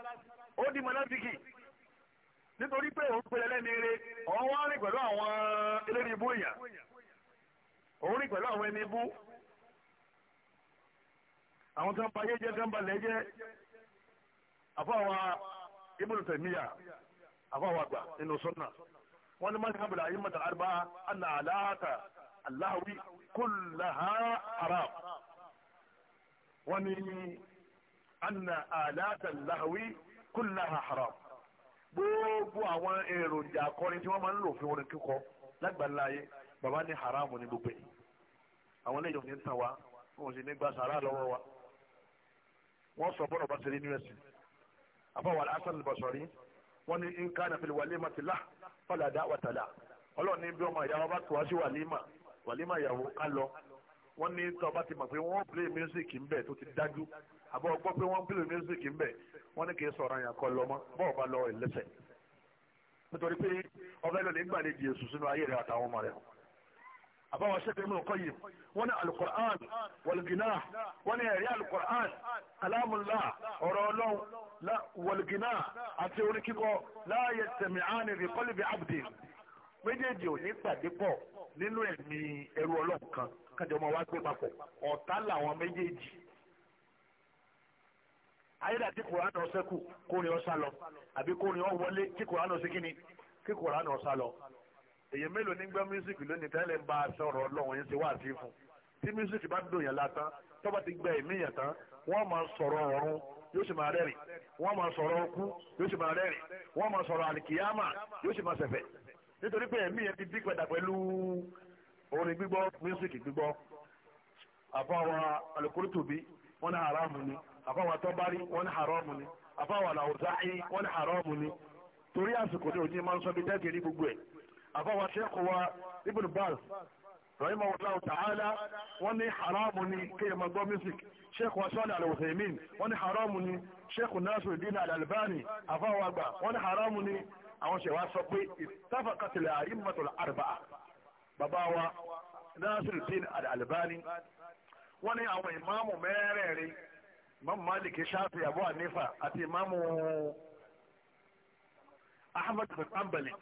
Speaker 1: ó di mọ̀nàfíkì nítorí pé òun pèlè lẹ́ni eré ọ̀hún wá rìn pẹ̀lú àwọn eléré ibú èèyàn òun rìn pẹ̀lú àwọn ẹni ibú àwọn tó ń pa ayé jẹ́ tó ń balẹ̀ jẹ́ àfọwà Ibn Taymiyyah àfọwà gbà nínú sunna wọn ni mọ́tò kábìlà ayé mọ́tò àrùbá àná àlàáta aláwí kùlàhà arab wọn ni àná àlàáta aláwí kullaha haram gbogbo àwọn èròjà akọrin tí wọ́n máa ń lò fún orin kíkọ lágbàláyé bàbá ní haram ní gbogbo yìí àwọn ilé ìjọba ní tàn wá wọn sì ní gba sàrà lọ́wọ́ wa wọ́n sọ bọ́dọ̀ bá ṣeré nírẹ̀sì àbáwọ̀ aláṣán ìbọ̀sọ̀rí wọ́n ní nǹkan àfẹlẹ̀ walimati lah fala da'wata lah ọlọ́run ní bí ọmọ ìyàwó bá tó wá sí wàlímà wàlímà ìyàwó ká lọ wọ́n ní tọ́ ti mọ̀ pé wọ́n play music ń bẹ̀ tó ti dájú àbọ̀ gbọ́ pé wọ́n ń pèlè mísíkì ńbẹ̀ wọ́n ní kì í sọ̀rọ̀ àyàn kọ́ lọ́mọ bọ́ọ̀ bá lọ ẹlẹ́sẹ̀ nítorí pé ọbẹ̀ lọ́lẹ̀ ń gbàlejò Jésù sínú ayé rẹ̀ àtàwọn ọmọ rẹ̀ àbáwọn ṣẹ́kẹ̀ Ibn Qayyim wọ́n ní alukur'an wọlgina wọ́n ní ẹ̀rí alukur'an alámùlá ọ̀rọ̀ ọlọ́run wọlgina àti orin kíkọ láàyè tẹ̀mí àánì rí qalbi abdi méjèèjì ò ní pàdé pọ̀ nínú ẹ̀mí ẹrú ọlọ́run kan kájọ ọmọ wa gbé papọ̀ ọ̀tá làwọn méjèèjì ayédà tí kòránù ọ̀sẹ̀ kù kórè ọ̀sá lọ àbí kórè ọ̀ wọlé tí kòránù ọ̀sẹ̀ kíni kí kòránù ọ̀sá lọ. èyí mélòó ní gbọ́ mísíkì lónìí tẹ́lẹ̀ ń bá aṣọ ọ̀rọ̀ ọlọ́run yẹn ṣe wá sí fún tí mísíkì bá dùn yàn látàn tó bá ti gbẹ ẹ̀mí yàn tán wọ́n máa sọ̀rọ̀ ọ̀run yóò sì máa rẹ́rìn wọ́n máa sọ̀rọ̀ ọkú yóò sì máa rẹ́rìn wọ́n máa sọ̀rọ̀ àlìkìyámà yóò sì máa ṣẹ̀fẹ̀ nítorí pé ẹ̀mí yẹn ti dí padà pẹ̀lú orin gbígbọ́ mísíkì gbígbọ́ àbáwa alukórótòbí wọn náà aráàmù ni àfáwọn tọ́bárí wọ́n ní haramu ni àfáwọn làwùzáì wọ́n ní haramu ni torí àsìkò ní òjì máa ń sọ bí tẹ́tì ní gbogbo ẹ̀ àfáwọn sẹ́kù wa ibn baz rahimahullahu ta'ala wọ́n ní haramu ni kéèyàn máa gbọ́ music sẹ́kù wa sọ́ọ̀lì al-Uthaymin wọ́n ní haramu ni sẹ́kù Nasiruddin al-Albani àfáwọn àgbà wọ́n ní haramu ni àwọn ṣẹ̀wá sọ pé ittafaqatil a'immatul arba'a bàbá wa Nasiruddin al-Albani wọ́n ní àwọn ìmáàmù mẹ́rẹ̀ẹ̀rin imam malik shafi abu hanifa àti imamu ahmed bin ambali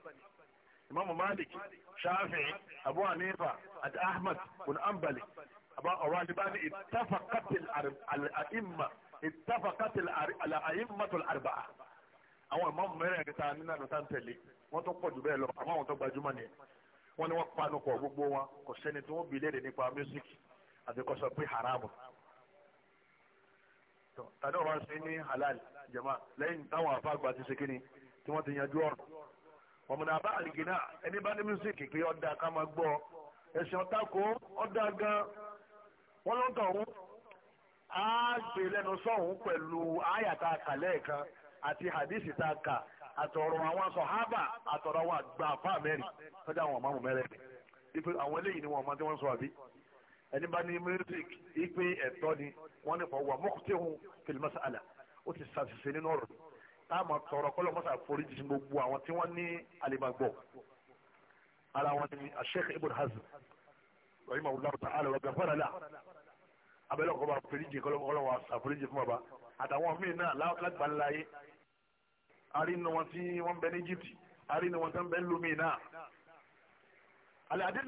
Speaker 1: imamu malik shafi abu hanifa àti ahmed bin ambali àwọn alibani ìtafakatil al'a'imma ìtafakatil al'a'immatul arba'a àwọn imam mẹ́rin ta nínú àdúrà tẹ̀lé wọ́n tó pọ̀ jù bẹ́ẹ̀ lọ àmọ́ àwọn tó gbajúmọ̀ ni wọ́n ní wọ́n panu pọ̀ gbogbo wọn kò sẹ́ni tí wọ́n bi léèrè nípa music àti kọ́sọ̀ pé haramu tani wọn bá ṣe ní halal jama lẹ́yìn táwọn afa ti ṣe kíni tí wọn ti yanjú ọ̀rọ̀ ọmọdé abá àlìgínà ẹni bá ní mísíkì pé ọdà ká máa gbọ́ ẹsẹ ọtá kó ọdà gan wọn ló ń á gbé sọ̀hún pẹ̀lú àyàtà kàlẹ́ kan àti a ipe àwọn eléyìí ni wọn ẹni bá ní music ipe ẹ̀tọ́ ni wọ́n ní fọwọ́ mọ́kútẹ́hùn fìlímọ́sá àlà ó ti ṣàṣìṣe nínú ọ̀rọ̀ tá a máa tọrọ kọ́lọ́ mọ́sá àforíjì gbogbo àwọn tí wọ́n ní alìmọ̀gbọ́ ara wọn ni Sheikh Ibn Hazm rahimahullahu ta'ala wa ghafara lahu abẹ́lẹ́ ọkọ̀ bá àforíjì kọ́lọ́ wa àforíjì fún baba àtàwọn míì náà lágbàláyé arínú wọn tí wọ́n bẹ ní Egypt arínú wọn tí bẹ ní lumina alẹ́ adé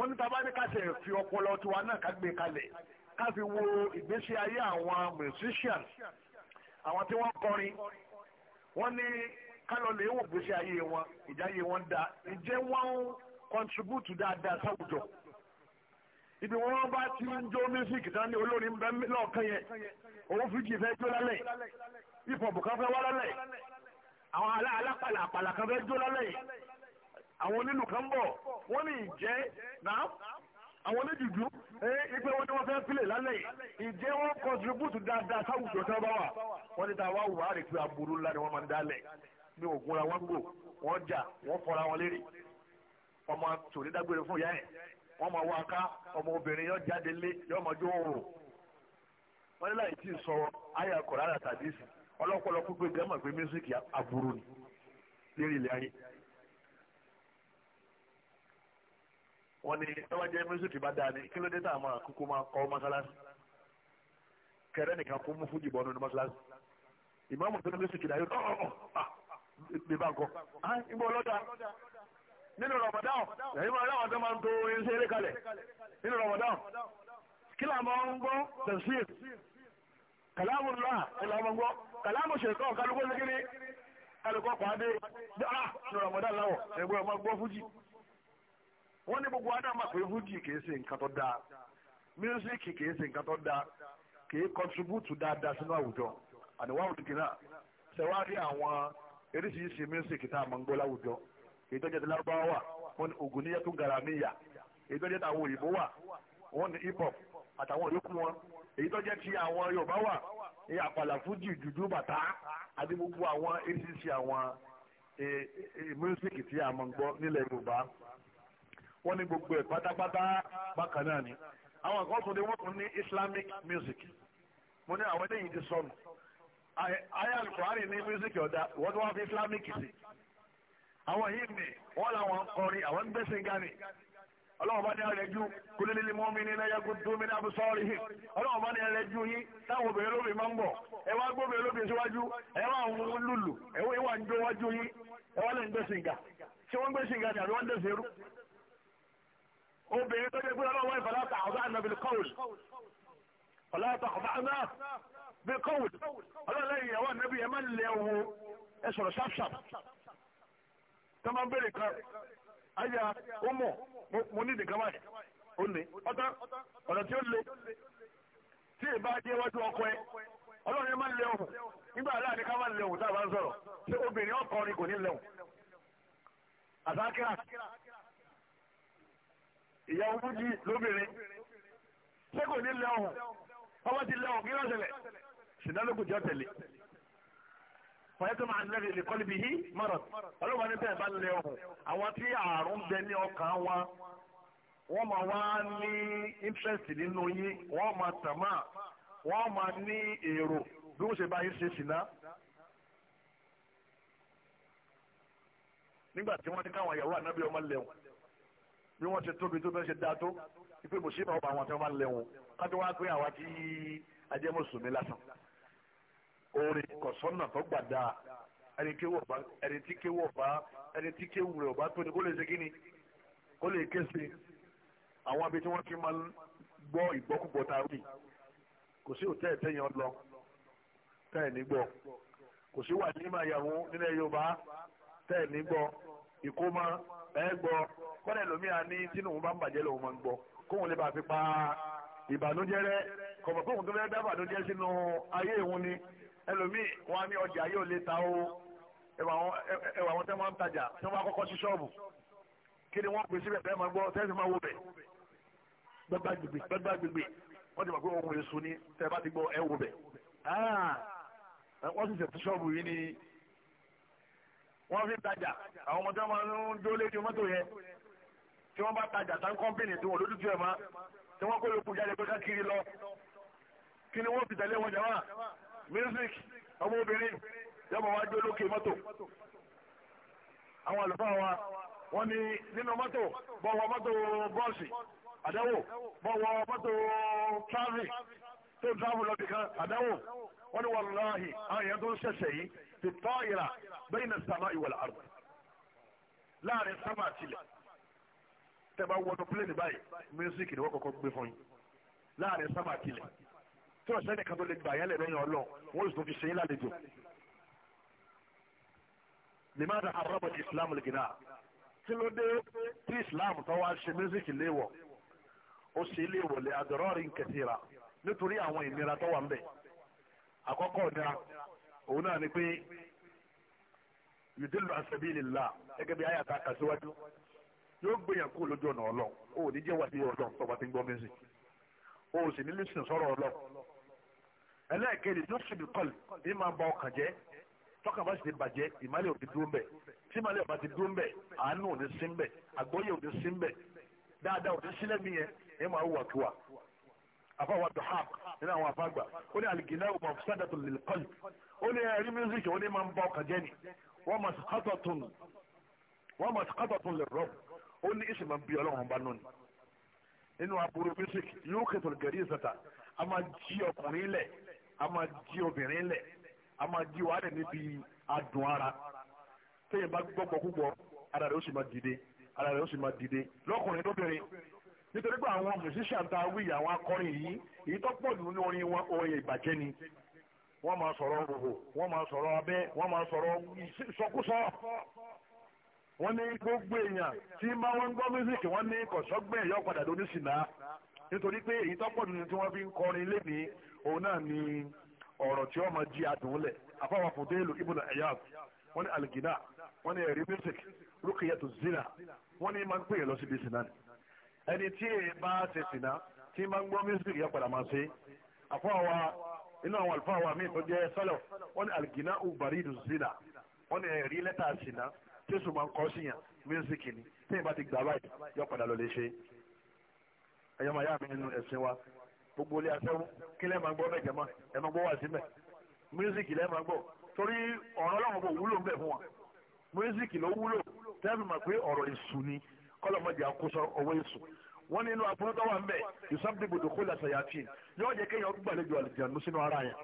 Speaker 1: wọ́n ní tábà ní káṣẹ̀ fi ọpọlọ tiwa náà ká kalẹ̀ ká wo ìgbésí ayé àwọn musicians àwọn tí wọ́n kọrin wọ́n ní kálọ̀ lè wò gbèsè ayé wọn ìjáyé wọn da ǹjẹ́ wọ́n ń kọ́ntribútù dáadáa sáwùjọ. ibi wọn bá ti ń jó music tán ní olórin bẹ́ẹ̀ lọ́ọ̀kan yẹn owó fíjì fẹ́ jó lálẹ́ hip hop kan fẹ́ wá lálẹ́ àwọn alápàlà àpàlà kan fẹ́ jó lálẹ́ àwọn onílù kan bọ̀ wọ́n ní ìjẹ́ náà àwọn onídùúdú ipe wọn ni wọ́n fẹ́ pílẹ̀ lálẹ́ yìí ìjẹ́ wọn kọ́ntribútù dáadáa sáwùjọ tí wọ́n bá wà wọ́n ní táwa wà á rè pé aburú ńlá ni wọ́n máa ń dálẹ̀ ní ògùn ra wọ́n jà wọ́n fọ́ra wọn lérè dágbére fún ìyá ẹ̀ wọ́n máa ọmọ obìnrin yọ jáde lé yọ máa jó wọ́n wọ́n ní tọ́wọ́ jẹ́ mísírì bá dáa ní kí ló dé tá a máa kúkú máa kọ́ mọ́sálásí kẹrẹ́ nìkan kó mú fújì bọ́ọ̀nù ní mọ́sálásí ìmáàmù tó ní mísírì dáa yóò bí oh, oh, oh, ah, bá ń kọ́ ah, ìgbọ́ ọlọ́dà nínú rọ̀mọ̀dáwọ̀ lẹ́yìn máa láwọn tó máa ń to irinṣẹ́ eré kalẹ̀ nínú rọ̀mọ̀dáwọ̀ kí là máa ń gbọ́ tẹ̀síìr kàlámù ńlá ìlà ọmọ gbọ́ kàlámù ṣètọ́ kálukó ní kíní kálukó pàdé ah, nínú rọ̀mọ̀dáwọ̀ ẹ̀gbọ́n ọmọ gbọ́ fújì wọ́n ní gbogbo adama pé fújì kìí ṣe nǹkan tó dáa mírísíkì kìí ṣe nǹkan tó dáa kìí kọntribútù dáadáa sínú àwùjọ àníwáwò tuntun náà ṣẹwárí àwọn eréṣiríṣi mírísíkì tá a máa ń gbọ́ láwùjọ èyí jẹ́ ti wà wọ́n ní ògùnìyà tó gara níyà èyí jẹ́ ti òyìnbó wà wọ́n ní hip hop àtàwọn yòókù wọn èyí tó jẹ́ ti àwọn yorùbá wà ní àpàlà fújì jùjú bàtà àti gbogbo àwọn eréṣiríṣi àwọn eh, eh, eh, mírísíkì tí a máa ń gbọ́ nílẹ̀ yorùbá wọ́n ní gbogbo ẹ̀ pátápátá bákan náà ni àwọn kan tún ní wọ́n tún ní islamic music mo ní àwọn eléyìí ti sọnù ayé alukurani ní music ọ̀dà wọ́n tún wá fi islamic sí àwọn yìí mi wọ́n làwọn kọrin àwọn ń gbèsè gani ọlọ́wọ́ bá ní ẹrẹ́jú kúlélẹ́lẹ́ mọ́ mi ní ẹ̀yà gúdú mi ní abúsọ́ọ̀rì hì ọlọ́wọ́ bá ní ẹrẹ́jú yín táwọn obìnrin lóbi máa ń bọ̀ ẹ wá gbóbi lóbi síwájú ẹ wá obìnrin tó jẹ́ pé ọlọ́wọ́ ìfọláta ọ̀dọ́ ànábìlì kọ́wùl ọ̀láta ọ̀dọ́ ànábìlì kọ́wùl ọlọ́lẹ́yìn ìyàwó ànábì ẹ̀ máa ń lẹ wo ẹ sọ̀rọ̀ ṣáfṣáf tó máa ń bèrè kan ayà ó mọ̀ mo ní ìdìkan báyìí ó ní ọ̀tá ọ̀nà tí ó le tí ì bá jẹ́ wájú ọkọ ẹ ọlọ́run máa ń lẹ nígbà aláàdé ká máa ń lẹ tá a bá ń sọ̀rọ̀ ṣé obìnrin ọkọ ni kò ní lẹ àtàkìrà ìyá olójì lóbìnrin ṣé kò ní lẹ́ọ̀hún ọwọ́ ti lẹ́ọ̀hún kí ló ṣẹlẹ̀ ṣìdálógún jẹ́ tẹ̀lé máa lẹ́rìí lè kọ́lé i mọ́rọ̀ ọlọ́wọ́ ní bẹ́ẹ̀ bá lẹ́ọ̀hún àwọn tí àrùn bẹ ní ọkàn wa wọ́n máa wá ní interest nínú yín wọ́n máa wọ́n máa ní èrò bí wọ́n ṣe bá yín ṣe nígbà tí wọ́n ti káwọn ìyàwó ọmọ lẹ́wọ̀n bí wọ́n ṣe tóbi tó bẹ́ẹ̀ ṣe dáa tó ipe mùsùlùmí ọba àwọn tí wọ́n máa ń lẹ́wọ̀n ká tó wáá pé àwa tí ajẹ́ mùsùlùmí lásán oore kọ̀sọ́nà tó gbà dáa ẹni tí kéwọ́ ọba ẹni tí kéwù rẹ̀ ọba tó ni kó lè ṣe kíni kó lè ké sí àwọn abẹ tí wọ́n ti máa ń gbọ́ ìgbọ́kúgbọ́ ta rí kò sí òtẹ́ ìtẹ́yìn ọlọ tẹ́ẹ̀ nígbọ́ kò sí wà ní màyàwó nílẹ̀ Yorùbá tẹ́ẹ̀ nígbọ́ ìkómọ ẹ̀ gbọ́ kọ́dẹ̀ lómi à ní tinubu bá ń bàjẹ́ lòun máa ń gbọ́ kóun lè bá fi pa ìbànújẹ́ rẹ kọ̀mọ̀ kóun tó fẹ́ dá ìbànújẹ́ sínú ayé ìhun ni ẹlòmíì wọn á ní ọjà yóò lè ta o ẹwà wọn tẹ́ wọn ń tajà tí wọ́n bá kọ́kọ́ sí ṣọ́ọ̀bù kí ni wọ́n pè síbẹ̀ bẹ́ẹ̀ máa gbọ́ tẹ́sí máa wo bẹ̀ gbẹgbà gbègbè ti mọ̀ pé ohun èso ni tẹ́ bá ti gbọ́ ẹ wo bẹ̀ ah! wọ́n sì ṣètò ṣọ́ọ̀bù yìí ni wọ́n fi tajà àwọn ọmọ tí máa ń dólé ju tí wọ́n bá tajà tán kọ́mpìnì tí wọ́n lójútu ẹ̀ máa tí wọ́n kó yòókù jáde pé káàkiri lọ kí ni wọ́n fi tẹ̀lé wọn jàmá music ọmọ obìnrin yọmọ wa jó lókè mọ́tò àwọn àlùfáà wa wọ́n ní nínú mọ́tò bọ́wọ́ mọ́tò bọ́ọ̀sì àdáwò bọ́wọ́ mọ́tò travel tó travel lọ bìkan àdáwò wọ́n ní wàlúwàhì àwọn èèyàn tó ń ṣẹ̀ṣẹ̀ yìí ti tọ́ ìrà bẹ́yìn náà sàmà ìwàlà àrùn láàrin sábà tilẹ̀ tẹ́ bá wọnú pílẹ̀nì báyìí mísíkì ni wọ́n kọ́kọ́ gbé fún yín láàrin sábà tilẹ̀ tí wọ́n sẹ́ni kan tó lè gbà yẹn lẹ́yìn ọlọ́run wọ́n sì tún fi ṣe é lálejò. limada arabal islam ligina kí ló dé tí islam tó wá ṣe mísíkì léèwọ̀ ó ṣe léèwọ̀ lé adọ́rọ́rì kẹsìrà nítorí àwọn ìnira tó wà ń bẹ̀ àkọ́kọ́ ìnira òun náà ni pé
Speaker 3: yìí
Speaker 1: dìlù asabilillah gẹ́gẹ́ bí ayàtà kàṣíwájú yóò gbéyàn kó lójú ọ̀nà ọlọ́run ó ní jẹ́ wáṣí ọlọ́run tó bá ti ń gbọ́ mẹ́sìn ó sì ní lísìn sọ̀rọ̀ ọlọ́run ẹlẹ́ẹ̀kejì tó sì bìkọ́lì ní máa ba ọkàn jẹ́ tọ́kàn bá sì ti bàjẹ́ ìmálẹ̀ òdi dúró ń bẹ̀ tí ìmálẹ̀ ọba ti dúró ń bẹ̀ àánú òdi sí ń bẹ̀ àgbọ́yé òdi sí ń bẹ̀ dáadáa òdi sílẹ̀ mi yẹn ẹ máa wà kíwà àfàwà dùhàb nínú àwọn àfàgbà ó ní àlìgìlá ọmọ sádàtò lìlìkọ́lì ó ní ẹ̀rí mísíkì ó ní máa ń ba ọkàn jẹ́ ni wọ́n mọ̀ sí kọ́tọ̀ tún lè rọ́ọ̀bù ó ní ìsìnmọ̀ bí ọlọ́run bá nù ni nínú aburú basic yóò kẹtọ̀ gẹ̀rí a máa jí ọkùnrin lẹ̀ a máa jí obìnrin lẹ̀ a máa jí wàhálà níbi adùn ara téèyàn bá gbọ́gbọ́ púpọ̀ ara rẹ̀ ó sì máa dìde ara rẹ̀ ó sì máa dìde lọ́kùnrin tóbìnrin nítorí pé àwọn musician tá àwọn akọrin yìí èyí tó pọ̀ nínú orin wọn ni máa máa máa wọ́n ní gbogbo èèyàn tí ma wọ́n ń gbọ́ mísíkì wọ́n ní kọ̀sọ́gbẹ́ yọ padà lóní sìnà nítorí pé èyí tọ́pọ̀ nínú tí wọ́n fi ń kọrin lénìí òun náà ni ọ̀rọ̀ tí wọ́n máa jí adùn lẹ̀ afáwọn fòdéèlù ibùdó ẹ̀yà wọ́n ní alìgínà wọ́n ní ẹ̀rí zina wọ́n ní máa ń lọ síbi ni ẹni tí èyí bá ṣe tí ń gbọ́ mísíkì yọ padà máa ṣe inú àwọn àlùfáà wa tó jẹ́ sọ́lọ̀ wọ́n tẹ́sùn máa ń kọ́ síyàn mísíkì ni téèyàn bá ti gbà báyìí yọ padà lọ lè ṣe ẹ̀yọ́ máa yá mi nínú ẹ̀sìn wa gbogbo ilé asẹ́wó kí lẹ́ẹ̀ máa gbọ́ mẹ́jẹ̀ mọ́ ẹ̀ máa gbọ́ wà sí mẹ́ mísíkì lẹ́ẹ̀ máa gbọ́ torí ọ̀rọ̀ ọlọ́run kò wúlò ńbẹ̀ fún wa mísíkì ló wúlò tẹ́ẹ̀mì mà pé ọ̀rọ̀ èṣù ni kọ́lọ́mọdé àkóso ọwọ́ èṣù wọ́n nínú àpótọ́ wà ńbẹ̀ ìsọ́bùdìbòdò kó lẹ̀ sàyàtì yóò jẹ́ kéèyàn gbàlejò àlùjànnú sínú ara yẹn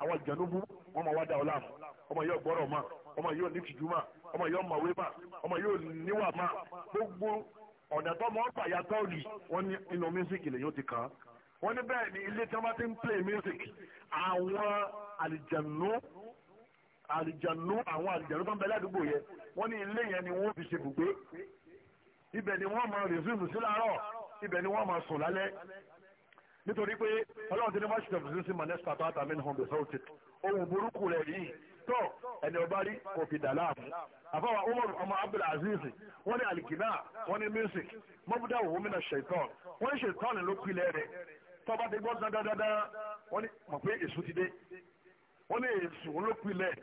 Speaker 1: àwọn àlùjànnú bú wọ́n máa wá dá ọ láàmú ọmọ yóò gbọ́rọ̀ mọ́ ọmọ yóò ní tìjú mọ́ ọmọ yóò mọ̀wé mà ọmọ yóò níwà mà gbogbo ọ̀nà tó mọ̀ ọ́pà yàtọ̀ rì wọ́n ní inú mísíkì lè yóò ti kàn án wọ́n ní bẹ́ẹ̀ ni ilé tí wọ́n bá ti ń play music àwọn àlìjànú àlìjànú àwọn àlìjànú tó ń bẹ ládùúgbò yẹn wọ́n ní ilé yẹn ni wọ́n fi ṣe bùgbé ibẹ̀ ni wọ́n máa rìsíìmù sí láàárọ̀ ibẹ̀ ni wọ́n máa sùn lálẹ́ nítorí pé ọlọ́run ti ní wáṣítọ̀ fún sí mọ̀nẹ́sítà tó àtàmínú hàn bẹ̀sẹ̀ òtítù ohun burúkú rẹ̀ yìí tó ẹni ọba rí kò fi dà láàmú àfọwà umar ọmọ abdul aziz wọn ní alikina wọn ní music mọbúdà wò mí na ṣètọ́n wọn ní ṣètọ́n ló pilẹ̀ rẹ̀ tọ́ba ti gbọ́ dandandandan wọn ní mọ̀ pé èso ti dé wọn ní èso ló pilẹ̀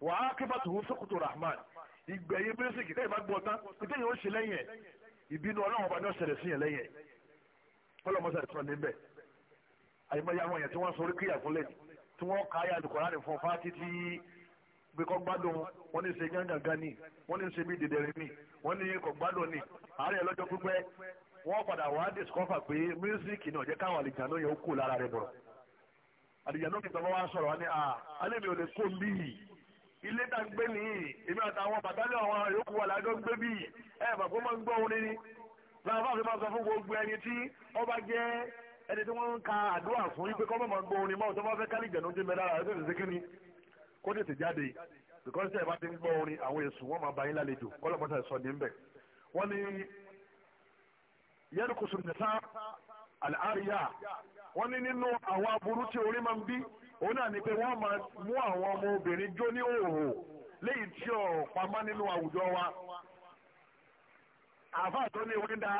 Speaker 1: wà á kí bàtú sókòtò rahman ìgbẹ̀yìn music tẹ́yìn bá gbọ́ tán ìtẹ́yìn ó ṣe lẹ́yìn ẹ̀ ìbínú ọlọ́run ọba ní ọ̀sẹ̀rẹ̀ sí yẹn lẹ́yìn ẹ̀ ọlọ́mọṣẹ́ ìtọ́ níbẹ̀ àyè tí wọ́n ka ayé alukọ̀rá ní fún fáti tí bí gbádùn wọ́n ní ṣe gángan ni wọ́n ní ṣe bí dèdèrè ni wọ́n ní kò gbádùn ni àárẹ̀ lọ́jọ́ pípẹ́ wọ́n padà wá discover pé music náà jẹ́ káwọn àlìjànú yẹn ó kú lára rẹ̀ bọ̀rọ̀ àlìjànú mi tọ́ wá sọ̀rọ̀ wá ní à alẹ́ mi ò lè kó mbí yìí ilé tá gbé nìyí èmi àtàwọn bàtálẹ̀ àwọn yòókù wà lájọ́ gbé bí ẹ̀ bàbá máa ń gbọ́ orin ni làwọn bá fi máa sọ fún gbogbo ẹni tí ọba jẹ́ ẹni tí wọ́n ń ka àdúrà fún yí pé kọ́ mọ̀mọ́ gbọ́ orin mọ́wọ́ tó bá fẹ́ kálí ìjẹ̀nu jẹ́ mẹ́lára ẹ̀ tètè sékíní kó tètè jáde because ẹ̀ bá ti ń gbọ́ orin àwọn èsù wọ́n máa bá yín lálejò kọ́lọ́mọ́sà sọ ní bẹ̀. wọ́n ní yẹ́nu kùsùn nìta àlàáríyá wọ́n ní nínú àwọn aburú tí orin máa ń bí òun náà ni pé wọ́n máa mú àwọn ọmọ obìnrin jó ní òòhò léyìí tí ò pamọ́ nínú àwùjọ wa àáfàá tó ní ìwé da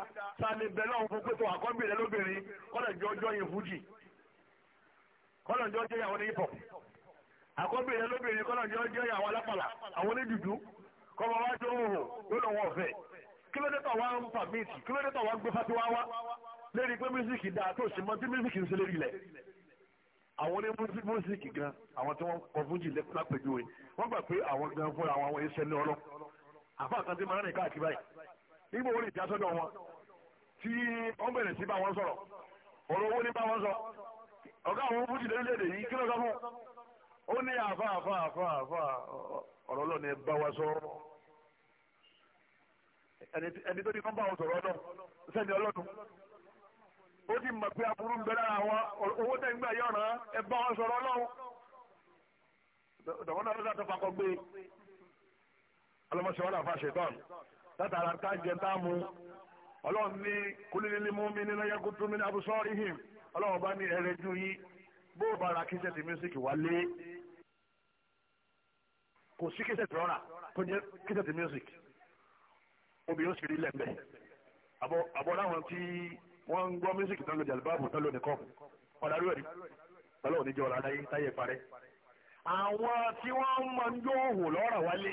Speaker 1: sani bẹ́ẹ̀ lọ́hùn fún pé tó àkọ́bí rẹ lóbìnrin kọ́lọ̀ jọ jọ yin fújì kọ́lọ̀ jọ jẹ́ ìyàwó ní hip hop àkọ́bí rẹ lóbìnrin kọ́lọ̀ jọ jẹ́ ìyàwó alápàlà àwọn onídùúdú kọ́mọ wá jó òhò ló lọ wọ́n fẹ́ kílódétọ̀ wá ń pàmìtì kílódétọ̀ wá ń gbé fatiwa wá lérí pé mísíkì dáa tó sì mọ tí mísíkì ń ṣe lérí lẹ̀ àwọn oní mísíkì gan àwọn tí wọ́n kọ fújì lápẹjúwe wọ́n gbà pé àwọn gan fúnra àwọn iṣẹ́ ní ọlọ́ àfáà kan máa ń rìn káàkiri báyìí nígbà wo lè já wọn tí wọ́n bẹ̀rẹ̀ sí bá wọn sọ̀rọ̀ ọ̀rọ̀ owó ní bá wọn sọ ọ̀gá àwọn fújì lórílẹ̀ yìí kí ló sọ fún ó ní àfa àfa àfa àfa ọ̀rọ̀ lọ́ni ẹ bá wa sọ ẹni tó ní kán bá wọn sọ̀rọ̀ ọdọ sẹ́ni ọlọ́dún ó ti mọ̀ pé aburú ń bẹ lára owó tẹ̀ ń gbà yọ̀ rán ẹ bá wọn sọ̀rọ̀ ọlọ́run dọ̀wọ́n náà ló dá tó fakọ gbé ọlọ́mọṣẹ́wọ́n náà fa ṣètọ́nù látara tá jẹ tá mu ọlọ́run ní kúlílílí mú mi nínú yẹ́kú tún mi ní abúsọ́ọ̀rì hìm ọlọ́run bá ní ẹrẹ ju yín bó o bá ra kíṣẹ́ ti mísíkì wálé kò sí kíṣẹ́ ti rọra tó jẹ́ kíṣẹ́ ti mísíkì obìnrin sì rí lẹ́m̀bẹ́ àbọ̀ láwọn tí wọ́n ń gbọ́ mísíkì tán ló lùbáàbù tán ló ní kọ́ọ̀bù rí ọ̀dì ọlọ́run níjọ́ ọ̀rọ̀ aláyé táyé parẹ́ àwọn tí wọ́n mọ̀ ń jó òhùn lọ́rọ̀ wálé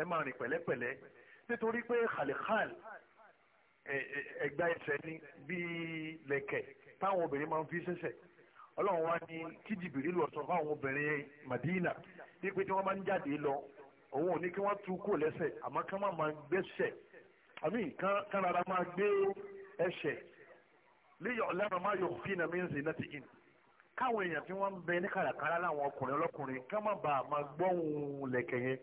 Speaker 1: ẹ máa rìn pẹ̀lẹ́pẹ̀lẹ́ nítorí pé khalikhal ẹgbà ẹsẹ̀ ni bíi lẹ̀kẹ̀ táwọn obìnrin máa ń fi ṣẹ̀ṣẹ̀ ọlọ́run wá ní kí jìbìrì lọ sọ fáwọn obìnrin Madina wípé tí wọ́n máa ń jáde lọ òun ò ní kí wọ́n tú kò lẹ́sẹ̀ àmọ́ kí wọ́n máa gbẹ́sẹ̀ àmì kán máa gbé ẹsẹ̀ léyọ̀ lẹ́nu máa yọ òfin náà mìíràn sí náà ti in káwọn èèyàn tí wọ́n ń bẹ ní kàràkàrà láwọn ọkùnrin ọlọ́kùnrin kí wọ́n má bàa máa gbọ́ ohun lẹ̀kẹ̀ yẹn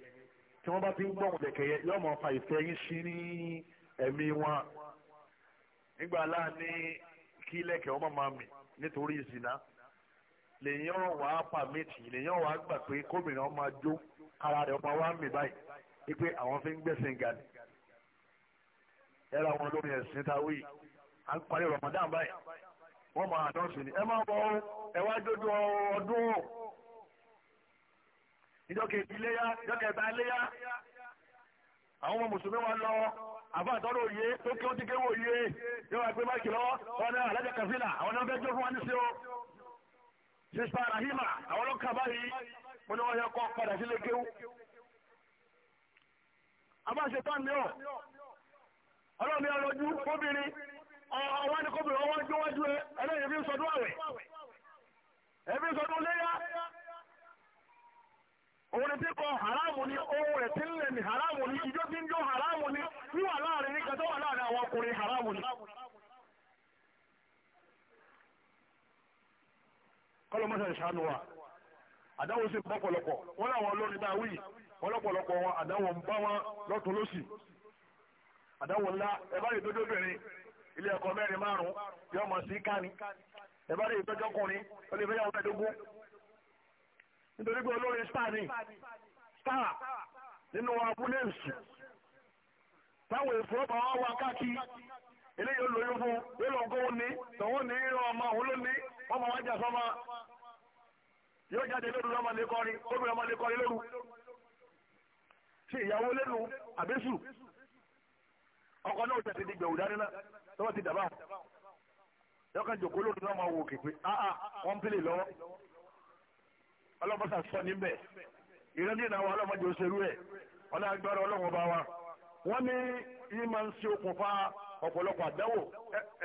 Speaker 1: tí wọ́n bá ti ń gbọ́n ọ̀dẹ̀kẹ̀ yẹn yóò máa fa ìfẹ́ yín sí ní ẹ̀mí wọn nígbà láà kí lẹ́kẹ̀ ọmọ máa mì nítorí ìsìná lèyàn wà á pàmìtì lèyàn wà á gbà pé kómìnà ọmọ jó ara rẹ̀ ọmọ wa mì báyìí wípé àwọn fi ń gbẹ̀sìn gàdì ẹ̀rọ àwọn olórí ẹ̀sìn táwí à ń parí Ramadan báyìí wọ́n máa àdánsì ni ẹ máa bọ̀ ẹ wá dójú ọdún o ìjọkẹ̀ẹ́dì léyà ìjọkẹ̀ẹ́ta léyà àwọn ọmọ mùsùlùmí wa lọ àbá àtọ́rọ̀ òye tó kí wọ́n ti kéwò òye yóò wá gbé báyìí lọ́wọ́ wọn náà alájà kàfínà àwọn náà fẹ́ jó fún wa ní sí o sista rahima àwọn ló kà báyìí mo ní wọ́n yẹ kọ́ padà sílé kéwù. àbá ṣetán ni ọ ọlọ́ọ̀ni ọlọ́jú kóbìnrin ọwọ́ ni kóbìnrin ọwọ́ jówájú ẹ ẹlẹ́yìn fi ń sọdún àwẹ̀ ẹ fi ń sọdún léyà òun ni pípọ̀ haramu ni owó rẹ̀ tí ń lẹ̀ haramu ni ìjó ni wíwà láàrin nìkan tó wà láàrin àwọn ọkùnrin haramu ni. kọ́lọ́mọ́sẹ̀ ṣàánú wa wọ́n láwọn olórin wí wọn àdáwò ń bá wọn lọ́tún lọ́sì àdáwò ńlá ẹ̀bá rẹ̀ tó dóbìnrin ilé ẹ̀kọ́ mẹ́rin márùn-ún yọ ọmọ sí káni ó lè fẹ́ nítorí pé olórin star ni star nínú abúlé èsì táwọn ìfowópamọ́ wọn wá káàkiri eléyìí olóyún fún yóò lọ kóhun ní tòun ní ọmọ òun ló ní ọmọ wa jà sọmọ yóò jáde lóru lọmọ lè kọrin obìnrin ọmọ lè kọrin lóru ṣe ìyàwó lẹ́nu àbẹ́sù ọkọ náà tẹ̀sí di gbẹ̀wò dání náà lọ́wọ́ ti dàbà yọkàn jòkó lóru náà máa wò képe áá ah, ah, wọ́n ń pèlè lọ́wọ́ ọlọ́mọsà sọ níbẹ̀ ìrántí ìnáwó ọlọ́mọdé òṣèlú ẹ̀ ọlọ́gbára ọlọ́wọ́ bá wa wọ́n ní yìí máa ń ṣe okùnfà ọ̀pọ̀lọpọ̀ àdáwò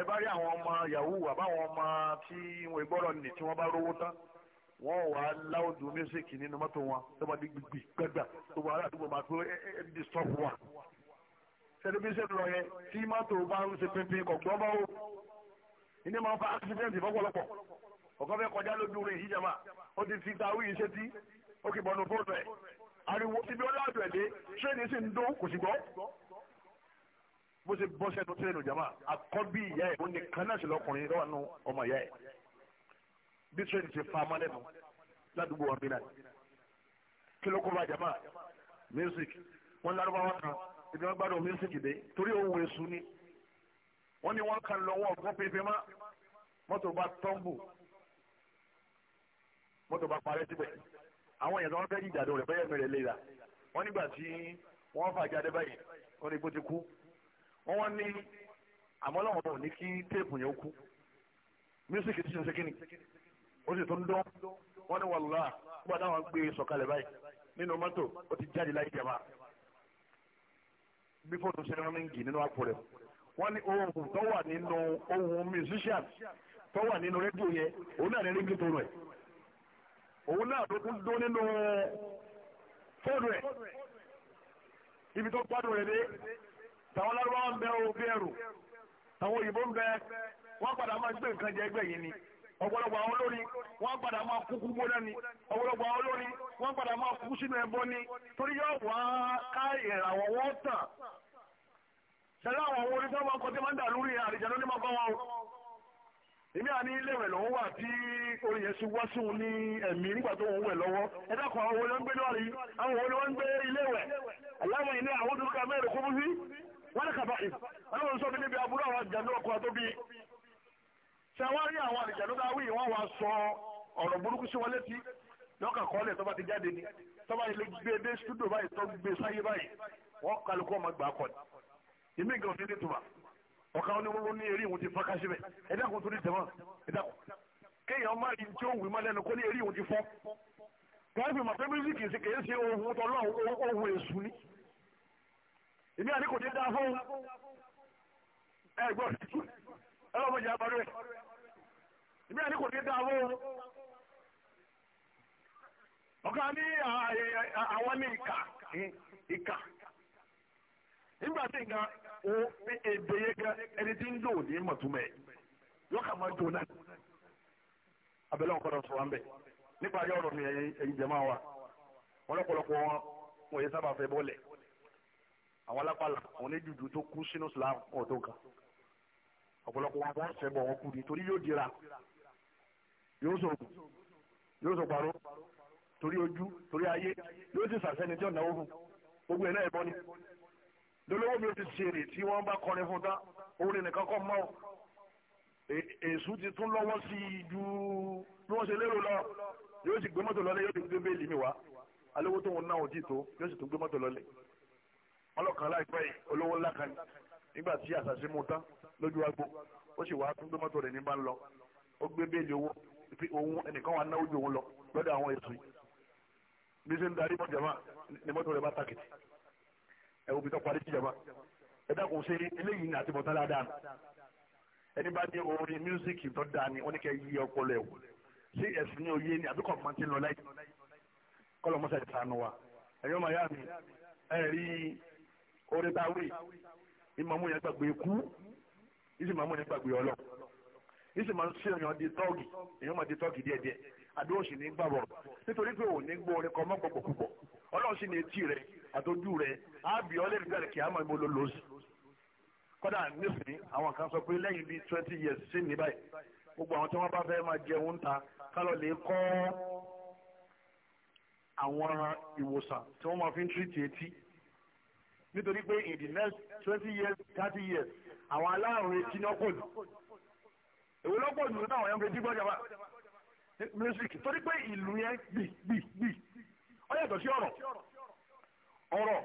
Speaker 1: ẹ bá rí àwọn ọmọ yahoo àbáwọn ọmọ tí wọn ìgbọ́rọ̀ nì tí wọ́n bá rówó tán wọ́n wà á láwùjọ mísíkì nínú mọ́tò wọn tó bá di gbìgbì gbẹ́gbà tó bá aládùúgbò máa tó ẹ di stop wa. sẹ́ni bí sẹ́ni lọ yẹ tí mọ́tò bá ń ṣe pínpín kọ̀ọ̀gbọ́n bá wò ní máa ń fa accident ìfọ́pọ̀lọpọ̀ ọ̀kan fẹ́ kọjá lójú rẹ̀ yìí jama ó ti fi ta wíyí ṣe tí ó kì bọ́nu fóònù ẹ̀ ariwo ibi ọlá àdùn ẹ̀ dé tírẹ́ẹ̀nì sì ń dún kò sì gbọ́ bó ṣe bọ́ sẹ́nu tírẹ́ẹ̀nì jama àkọ́bí ìyá ẹ̀ ó ní kánáàsì lọkùnrin lọ́wọ́ nù ọmọ ìyá ẹ̀ bí tírẹ́ẹ̀nì ṣe fa amálẹ́nu ládùúgbò wọn bí náà kí ló kó bá jama music wọn lárúbáwá kan ibi wọn gbádùn music dé torí òun èso ni wọn ni wọn kan lọ wọn gbọ́ pépé má mọ́tò bá tọ́ǹbù moto bá parẹ́ síbẹ̀ àwọn èèyàn tó wọ́n fẹ́ ọrịa dùn rẹ̀ bẹ́ẹ̀ mẹ́rẹ̀ léra wọn nígbà tí wọ́n fà jáde báyìí wọn ní bó ti kú ní ní kí téèpù yẹn kú mísíkì ó sì tún dán ní wàlúwà nígbà táwọn gbé e báyìí nínú ó ti jáde láì òun náà ló tún dó nínú fóònù ẹ̀ ibi tó gbádùn rẹ̀ dé tàwọn lárúbáwá ń bẹ o bí ẹrù àwọn òyìnbó ń bẹ wọ́n padà máa gbé nǹkan jẹ ẹgbẹ́ yìí ni ọ̀pọ̀lọpọ̀ àwọn olórin wọ́n padà máa kú kú gbóná ni ọ̀pọ̀lọpọ̀ àwọn olórin wọ́n padà máa kú sínú ẹbọ ni torí yóò wá ká ìràwọ̀ wọ́n tàn ṣẹlẹ̀ àwọn orin tó máa máa ń dà lórí àrìjànú ní máa bá wọn o èmi àní iléèwẹ̀ lòun wà tí orin yẹn ti wá sí òun ní ẹ̀mí nígbà tó ń wẹ̀ lọ́wọ́ ẹ dákun àwọn òun ló ń gbé lọ́rí àwọn òun ló ń gbé iléèwẹ̀ aláwọ̀ ilé àwọn tó ń ka mẹ́rin kó fúnfí wọ́n lè kàbà ì ọlọ́run sọ mi níbi aburú àwọn àjàndó ọkọ̀ àtóbi ṣe wá àwọn àjàndó tá a wí wọ́n wá sọ ọ̀rọ̀ burúkú sí wọn létí lọ́kàn kọ́lẹ̀ tó bá ti jáde ni tó bá ilé gbé dé stúdò báyìí tó gbé sáyé báyìí wọ́n kálukú ọmọ gbà kọ́ ni ìmí gan-an ní nítumà ọ̀ka oníwọ́wọ́ ní eré ìwọ̀n ti fọ́n káṣí bẹ̀ ẹ dákun torí tẹ̀mọ́ ẹ dákun kéèyàn má rí tí ó wì má lẹ́nu kó ní eré ìwọ̀n ti fọ́ káfí màpé mísíkì sí kèé ṣe ohun tọ́lọ́ ohun èṣù ni èmi àní kò dé dáa fún ẹ gbọ́ ẹ lọ́mọ jẹ́ abarú ẹ èmi àní kò dé dáa fún ọ̀ka ní àwọn ní ìkà ìkà nígbà tí nǹkan. o ní èdè yẹn kan ẹni tí ń lò ní mọ̀túmẹ̀ yóò kà máa jò náà abẹ́lẹ́ ọ̀kọ́dọ̀ sọ wọn bẹ̀ nípa ayé ọ̀rọ̀ mi ẹ̀yin jẹ̀mọ́ wa wọn lọ́pọ̀lọpọ̀ wọn wọ́n yẹ sábà fẹ́ bọ́ọ̀lẹ̀ àwọn alápàlà àwọn onídùúdù tó kú sínú Islam ọ̀dọ́ kan ọ̀pọ̀lọpọ̀ wọn wọ́n sẹ́bọ̀ wọn kú ni torí yóò dira yóò sọ̀rọ̀ yóò sọ parọ́ torí ojú torí ayé yóò sì sàṣẹ́ni tí ọ̀nà òhun gbogbo ẹ̀ náà ẹ̀bọ ni dolówó mi ti ṣèrè tí wọ́n bá kọrin fún tán orin nìkan kọ́ mọ́ èṣù ti tún lọ́wọ́ sí i ju bí wọ́n ṣe lérò lọ yóò sì gbé mọ́tò lọ́lẹ̀ yóò sì gbé bẹ́ẹ̀lì mi wá alówó tó ń ná òjì tó yóò sì tún gbé mọ́tò lọ́lẹ̀ ọlọ́kan láìpẹ́ yìí olówó ńlá kan nígbà tí àṣàṣe mu tán lójú agbo ó sì wá tún gbé mọ́tò rẹ̀ ní ń lọ ó gbé bẹ́ẹ̀lì owó fi òun ẹnìkan wà náwó ju òun lọ lọ́dọ̀ àwọn èṣù yìí bí ṣe ń darí mọ́tò rẹ̀ bá tàkìtì ẹ wo bí tó parí tìjọba ẹ dákun ṣe eléyìí ní àtibọ̀tán dáadáa nù ẹni bá ní orin mísíkì tó dáa ni wọ́n ní kẹ́ yí ọpọlọ ẹ̀ wò ṣé ní oyé ni àbíkọ̀ máa ti lọ láì kọ́lọ̀ mọ́sá ti sànù wa ẹ̀yọ́ màá yá mi ẹ̀ rí orin tá a wí ìmọ̀mú yẹn gbàgbé kú ìsì màmú yẹn gbàgbé ọlọ́ ìsì máa ń ṣe èèyàn di tọ́ọ̀gì èèyàn máa di tọ́ọ̀gì díẹ̀díẹ̀ àdó òsì ní gbàbọ̀rọ̀ nítorí pé òní gbọ́ orin kan mọ́ pọ̀pọ̀ púpọ̀ ọlọ́run ní etí rẹ̀ àtọ́jú rẹ̀ ábì ọlẹ́rìí gbàdé kí a máa bó ló lò sí. kọ́dà nísìnyí àwọn kan sọ pé lẹ́yìn bíi twenty years sí ní báyìí gbogbo àwọn tí wọ́n bá fẹ́ máa jẹun ń ta kálọ̀ lè kọ́ àwọn ìwòsàn tí wọ́n máa fi ń tírìtì etí nítorí pé in the next twenty years thirty years àwọn aláàrùn etí ní ọ̀pọ̀ jù èwo lọ́pọ̀ jù náà àwọn ẹ̀yàn fi dìbò jàmbá music torí pé ìlú yẹn gbì gbì gbì ó yàtọ̀ sí ọ̀rọ̀ ọ̀rọ̀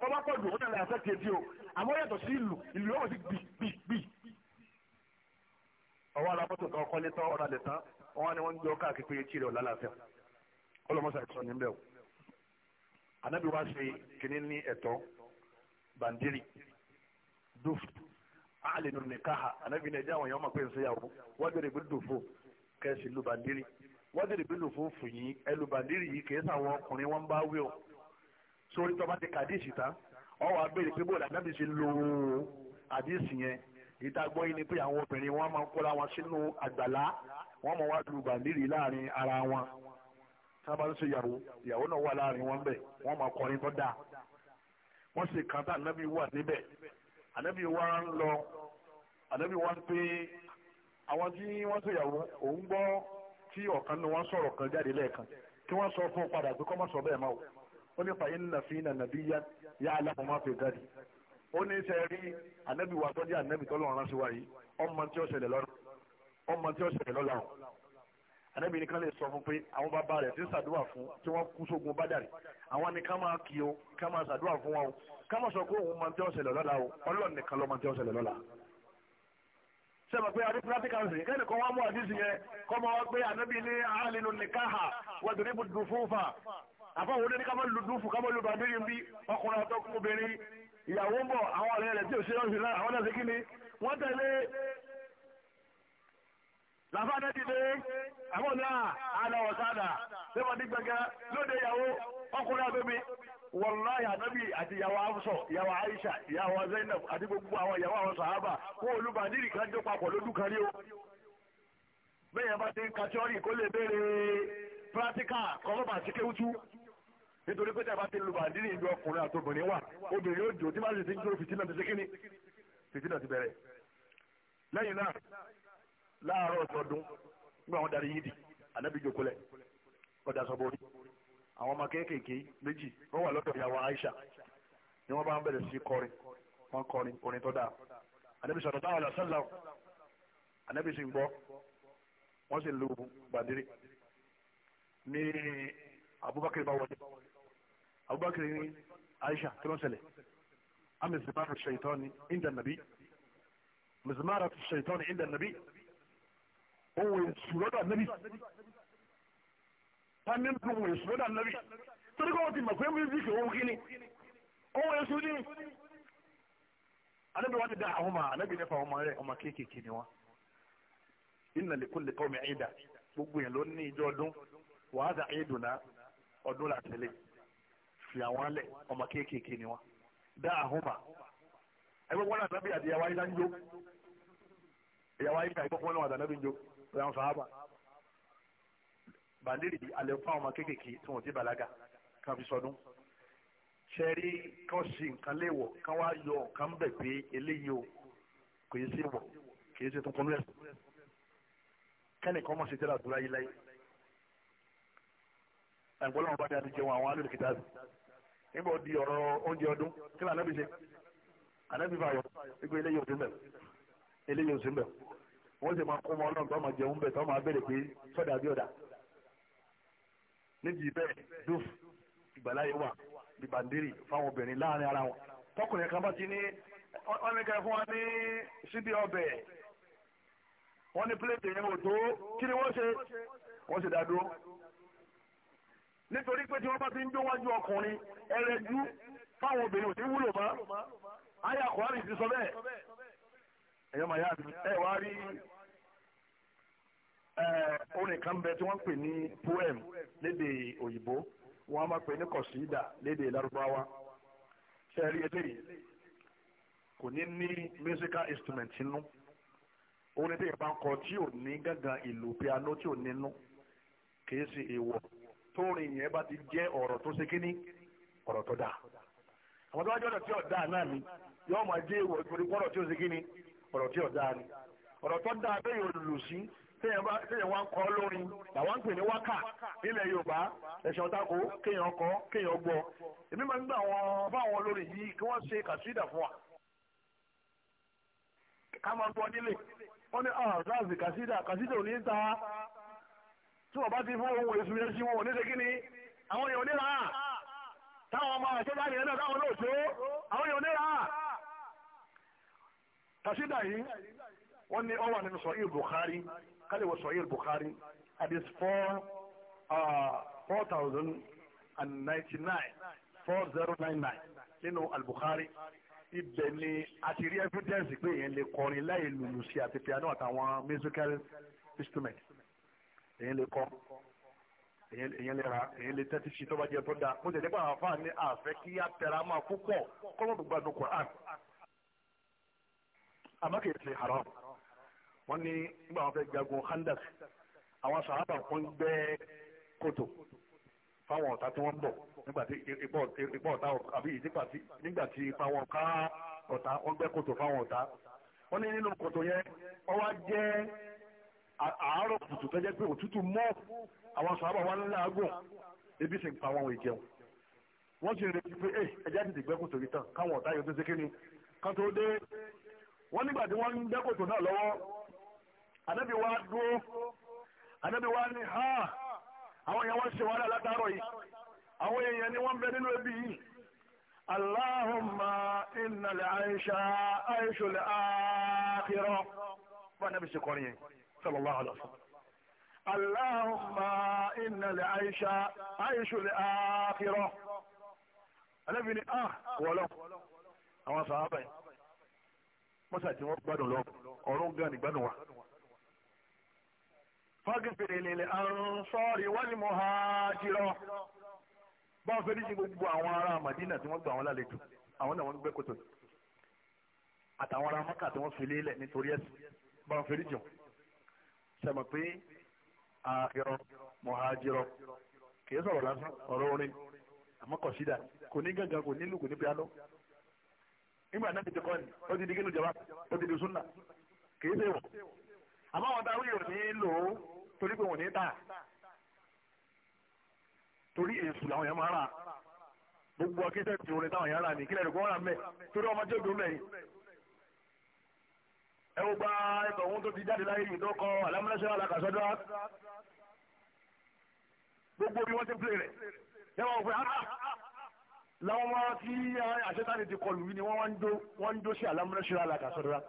Speaker 1: tọ́ba pọ̀ jù ó náà lè àfẹ́ kejì o àmọ́ yàtọ̀ sí ìlú ìlú yóò sì gbì gbì gbì. ọwọ́ alábọ́tò kan kọ́lé tán ọ̀rọ̀ àlẹ́ tán wọ́n ní wọ́n ń jọ káàkiri pé etí rẹ̀ ò lálàáfíà ọlọ́mọṣà ìsọ níbẹ̀ o. anábì wá ṣe kínní ní ẹ̀tọ́ bàndírì dùf àlè nù nìkáhà anábì nàìjíríà àwọn èèyàn mọ̀ pé ń ṣèyàwó wọ́n bẹ̀rẹ̀ bí dùfò kẹ́sì lu bàndírì wọ́n bí lùfò fù yín ẹlùbàndírì yìí kìí sàwọn ọkùnrin wọn bá wí o sórí tó bá ti ka àdìsí tán ọ wàá béèrè pé bóòlù ànábì ṣe lo àdìsí yẹn ìtagbọ́ yìí ni pé àwọn obìnrin wọn máa ń kóra wọn sínú àgbàlá wọn máa wá lu bàndìrì láàrin ara wọn sábà ń ṣe ìyàwó ìyàwó náà wà láàrin wọn bẹ wọn máa kọrin tó dáa wọn sì kàn tá ànábì wà níbẹ̀ ànábì wa ń lọ ànábì wa ń pé àwọn tí wọ́n ṣe ìyàwó òun gbọ́ tí ọ̀kan ni wọ́n sọ̀rọ̀ kan jáde lẹ́ẹ̀kan tí wọ́n sọ fún padà pé kọ́ mọ̀ sọ bẹ́ẹ̀ máa wò ó ní fàyín nàfínà nàbíyá yá alámọ̀má fi gàdì ó ní sẹ́ rí ànábì wa tọ́jú ànábì tọ́lọ́ ọ̀rán sí wa yìí ọmọ tí ó ṣẹlẹ̀ lọ́la ọmọ tí ó ṣẹlẹ̀ lọ́la o ànábì nìkan lè sọ fún pé àwọn bàbá rẹ̀ ti ń ṣàdúrà fún tí wọ́n kú sógun bádàrí àwọn ni ká máa kí o ká máa ṣàdúrà fún wa o ká máa sọ pé òun mọ tí ó ṣẹlẹ̀ lọ́la o ọlọ́run nìkan ló mọ tí ó ṣẹlẹ̀ lọ́la sẹ́mi pé adé practical sí kẹ́ni kan wá mú àdísì yẹn kọ́ mọ́ wá pé ànábì ní àhálínú nìkáhà wọ́n àfọwọ́ ní ká má lu dúfù ká má lu bàbírí bí ọkùnrin àti obìnrin ìyàwó ń bọ̀ àwọn ọ̀rẹ́ rẹ̀ tí ò ṣe ọ̀sìn náà àwọn náà ṣe kí ni wọ́n tẹ̀lé làbáná dìde àwọn náà àlọ́ ọ̀sáàdà ṣé wọ́n ní gbẹ̀gẹ́ lóde ìyàwó ọkùnrin àbẹ́bí wàláhì ànábì àti ìyàwó afsọ ìyàwó aisha ìyàwó zainab àti gbogbo àwọn ìyàwó àwọn sàhábà wọn ò lùbàdìrì kan jó papọ̀ lójú kan rí o bẹ́ẹ̀ yẹn kó nítorí pé tàbá ti lu bàdínì ìlú ọkùnrin àti obìnrin wà obìnrin yóò jò tí má sì ti ń jó fìtínà ti ṣe kíni fìtínà ti bẹ̀rẹ̀ lẹ́yìn náà láàárọ̀ ọ̀sọ̀dún nígbà wọn darí yídì ànábì jòkólẹ̀ ọ̀dà sọ̀bọ̀rí àwọn ọmọ kéékèèké méjì wọ́n wà lọ́dọ̀ ìyàwó Aisha ni wọ́n bá ń bẹ̀rẹ̀ sí kọrin wọ́n kọrin orin tó dáa ànábì sọ̀rọ̀ táwọn àlàsánlá ànábì sì ń gbọ́ wọ́n sì lu bàdínì ní Abubakar bá wọlé abubakar ni aisha kí ló ń ṣẹlẹ̀ amizimara shaitani inda nabi mizimara shaitani inda nabi òun ìṣúlọ́dọ̀ nabi tani bí òun ìṣúlọ́dọ̀ nabi torí kọ́ ti mọ̀ pé mísíkì òun kí ni òun èṣù ní anábì wọn ti dá àwọn ọmọ anábì nípa ọmọ rẹ ọmọ kéékèèké ni wọn inna li kulli qawmin ida gbogbo yẹn ló ní ìjọ ọdún wàhálà ìdùnnà ọdún làtẹlẹ fi àwọn lẹ̀ ọmọ kéékèèké ni wọn dá àhùnmá ẹgbẹ́ wọn náà dábìí àti ìyàwó ayílá ń jó ìyàwó ayílá ìgbọ́ wọn náà wà dánábì ń jó pé àwọn sàábà bàndírì alẹ́ fún àwọn ọmọ kéékèèké tí wọ́n ti bàlágà kan fi sọdún ṣẹ́rí kan ṣe nǹkan léèwọ̀ kan wá yọ nǹkan bẹ̀ pé eléyìí o kò yẹ sí wọ̀ ṣe tuntun rẹ̀ kẹ́nìkan mọ̀ ṣe àdúrà yìí láyé ẹ̀gbọ́n lọ́wọ́ bá dáadé jẹun àwọn alẹ́ nígbà ó di ọ̀rọ̀ oúnjẹ ọdún kí ló anábì ṣe anábì bá yọ wípé eléyìí ò sí mbẹ eléyìí ò sí mbẹ wọ́n sì máa kó ọmọ ọlọ́run tó máa jẹun bẹ̀ tó máa bẹ̀rẹ̀ pé sọ́dà bí ọ̀dà níbi bẹ́ẹ̀ dúf ìgbàláyé wà bíbàndírì fáwọn obìnrin láàrin ara wọn tọkùnrin kan bá ti ní wọ́n ní kẹ́ fún wa ní síbi ọbẹ̀ wọ́n ní pílẹ̀tì yẹn ò tó kí ni wọ́n ṣe wọ́n ṣe dá dúró nítorí pé tí wọ́n bá ti ń dówájú ọkùnrin ẹrẹ́jú fáwọn obìnrin ò ní wúlò mọ́
Speaker 3: ayé àkùnrin ti sọ bẹ́ẹ̀
Speaker 1: ẹ̀yọ́ màá yá ẹ wá rí orin bẹ tí wọ́n pè ní poem lédè òyìnbó wọ́n á máa pè ní kọ̀sídà lédè lárúbáwá ṣe rí eléyìí kò ní ní musical instrument nínú orin tí ìbá ń kọ tí ò ní gángan ìlú piano tí ò nínú kì í ṣe èèwọ̀ tó rìn yẹn bá ti jẹ́ ọ̀rọ̀ tó ṣe kíní ọ̀rọ̀ tó dáa àwọn tó wá jọ́dọ̀ tí ọ̀dà náà ni yóò máa jẹ́ ìwọ̀ ìtorí pọ́rọ̀ tí ó ṣe kíní ọ̀rọ̀ tí ọ̀dà ni ọ̀rọ̀ tó dáa bẹ́ẹ̀ yóò lù sí téèyàn wá ń kọ́ lórin làwọn ń pè ní wákà nílẹ̀ Yorùbá ẹ̀sìn ọ̀tako kéèyàn kọ́ kéèyàn gbọ́ èmi máa ń gbà wọn fáwọn olórin yìí kí wọ́n ṣe kàṣídà fún wa ká máa gbọ́ nílé wọ́n ní ah zazi kàṣídà kàṣídà ò ní ta tí wọ́n bá ti fún ohun èso yẹn sí wọn ò ní ṣe kí ni àwọn èèyàn níra táwọn ọmọ àṣẹjá nìyẹn náà táwọn náà tó àwọn èèyàn níra tàṣídà yìí wọ́n ní ọwà nínú sọ̀hìn Bukhari kálíwọ̀ sọ̀hìn Bukhari hadis four ah, four thousand and ninety nine four zero nine nine nínú al-Bukhari ibẹ̀ ni àti rí evidence pé èèyàn lè kọrin láì lùlù sí àti piano àtàwọn musical instrument. èyàn lè kọ èyàn lè ra èyàn lè tẹ́tí sí tọ́ba jẹ́ tó dáa mo tẹ̀lé pàrọ̀ àfa ní àfẹ́ kí á tẹ̀ra máa púpọ̀ kọ́mọ́ tó gbádùn Qur'an àmọ́ haram wọ́n ní nígbà wọn fẹ́ jagun Khandak àwọn sàhábà kan gbẹ́ fáwọn ọ̀tá tí wọ́n bọ̀ nígbà tí ọ̀tá àbí ìdípa tí nígbà tí ipa wọn ká ọ̀tá fáwọn ọ̀tá wọ́n àárọ̀ kùtù tó jẹ́ pé òtútù mọ́ àwọn sàábà wà nílẹ̀ àgùn ebi sì ń pa àwọn ìjẹun wọ́n sì ń retí pé eh, ẹ ẹja ti dìgbẹ́ kòtò yìí tán káwọn ọ̀tá yóò tó ṣe kíni kan tó dé wọ́n nígbà tí wọ́n ń dẹ́ kòtò náà lọ́wọ́
Speaker 3: anábì wa dúró
Speaker 1: anábì wa ní ha àwọn èèyàn wọ́n ṣe wàhálà látàárọ̀ yìí àwọn èèyàn ni wọ́n bẹ nínú ebi yìí Allahumma inna al-aisha aishu fún anábì ṣe kọrin yẹn sallallahu alaihi wasallam aláhùnmá iná lè àìṣà àìṣù lè àkírọ̀ alẹ́bí ni a ah, wọ́lọ́ àwọn sàábẹ̀ mọ́sà tí wọ́n gbádùn lọ ọ̀run gan ni gbádùn wa fagifèrè lè àrùn sọ́ọ̀rì wọ́n ni mo ha jírọ̀ bá a fẹ́rí sí gbogbo àwọn ará Madina tí wọ́n gbà wọ́n lálejò àwọn náà wọ́n gbẹ́ kòtò àtàwọn ará Maka tí wọ́n fi lélẹ̀ nítorí ẹ̀sìn bá a fẹ́rí jẹun sẹ́mọ̀ pé àhìrọ̀ mọ̀hájìrọ̀ kìí sọ̀rọ̀ lásán ọ̀rọ̀ orin àmọ́ kọ̀sídà kò ní gàngàn kò nílùú kò ní piano nígbà náà ti kọ́ ni ó ti di kínú jọba ó ti di súnà kìí ṣe wọ̀ àmọ́ wọn táwọn yóò ní lò ó torí pé wọn ní tà torí èsù làwọn yẹn máa rà gbogbo akẹ́tẹ̀ẹ́ tí orin táwọn yẹn rà ní kílẹ̀ rẹ̀ kó rà mẹ́ torí ọmọ ẹ wo gba ẹtọ ohun tó ti jáde láyé yìí tó kọ alámúnáṣẹ alákàṣọdọ gbogbo bí wọn ti pè rẹ
Speaker 3: ẹ wọn fẹ ah, ah,
Speaker 1: ah. làwọn ọmọ tí eh, àṣetánì ti kọlù yìí ni wọn ń jó sí alámúnáṣẹ alákàṣọdọ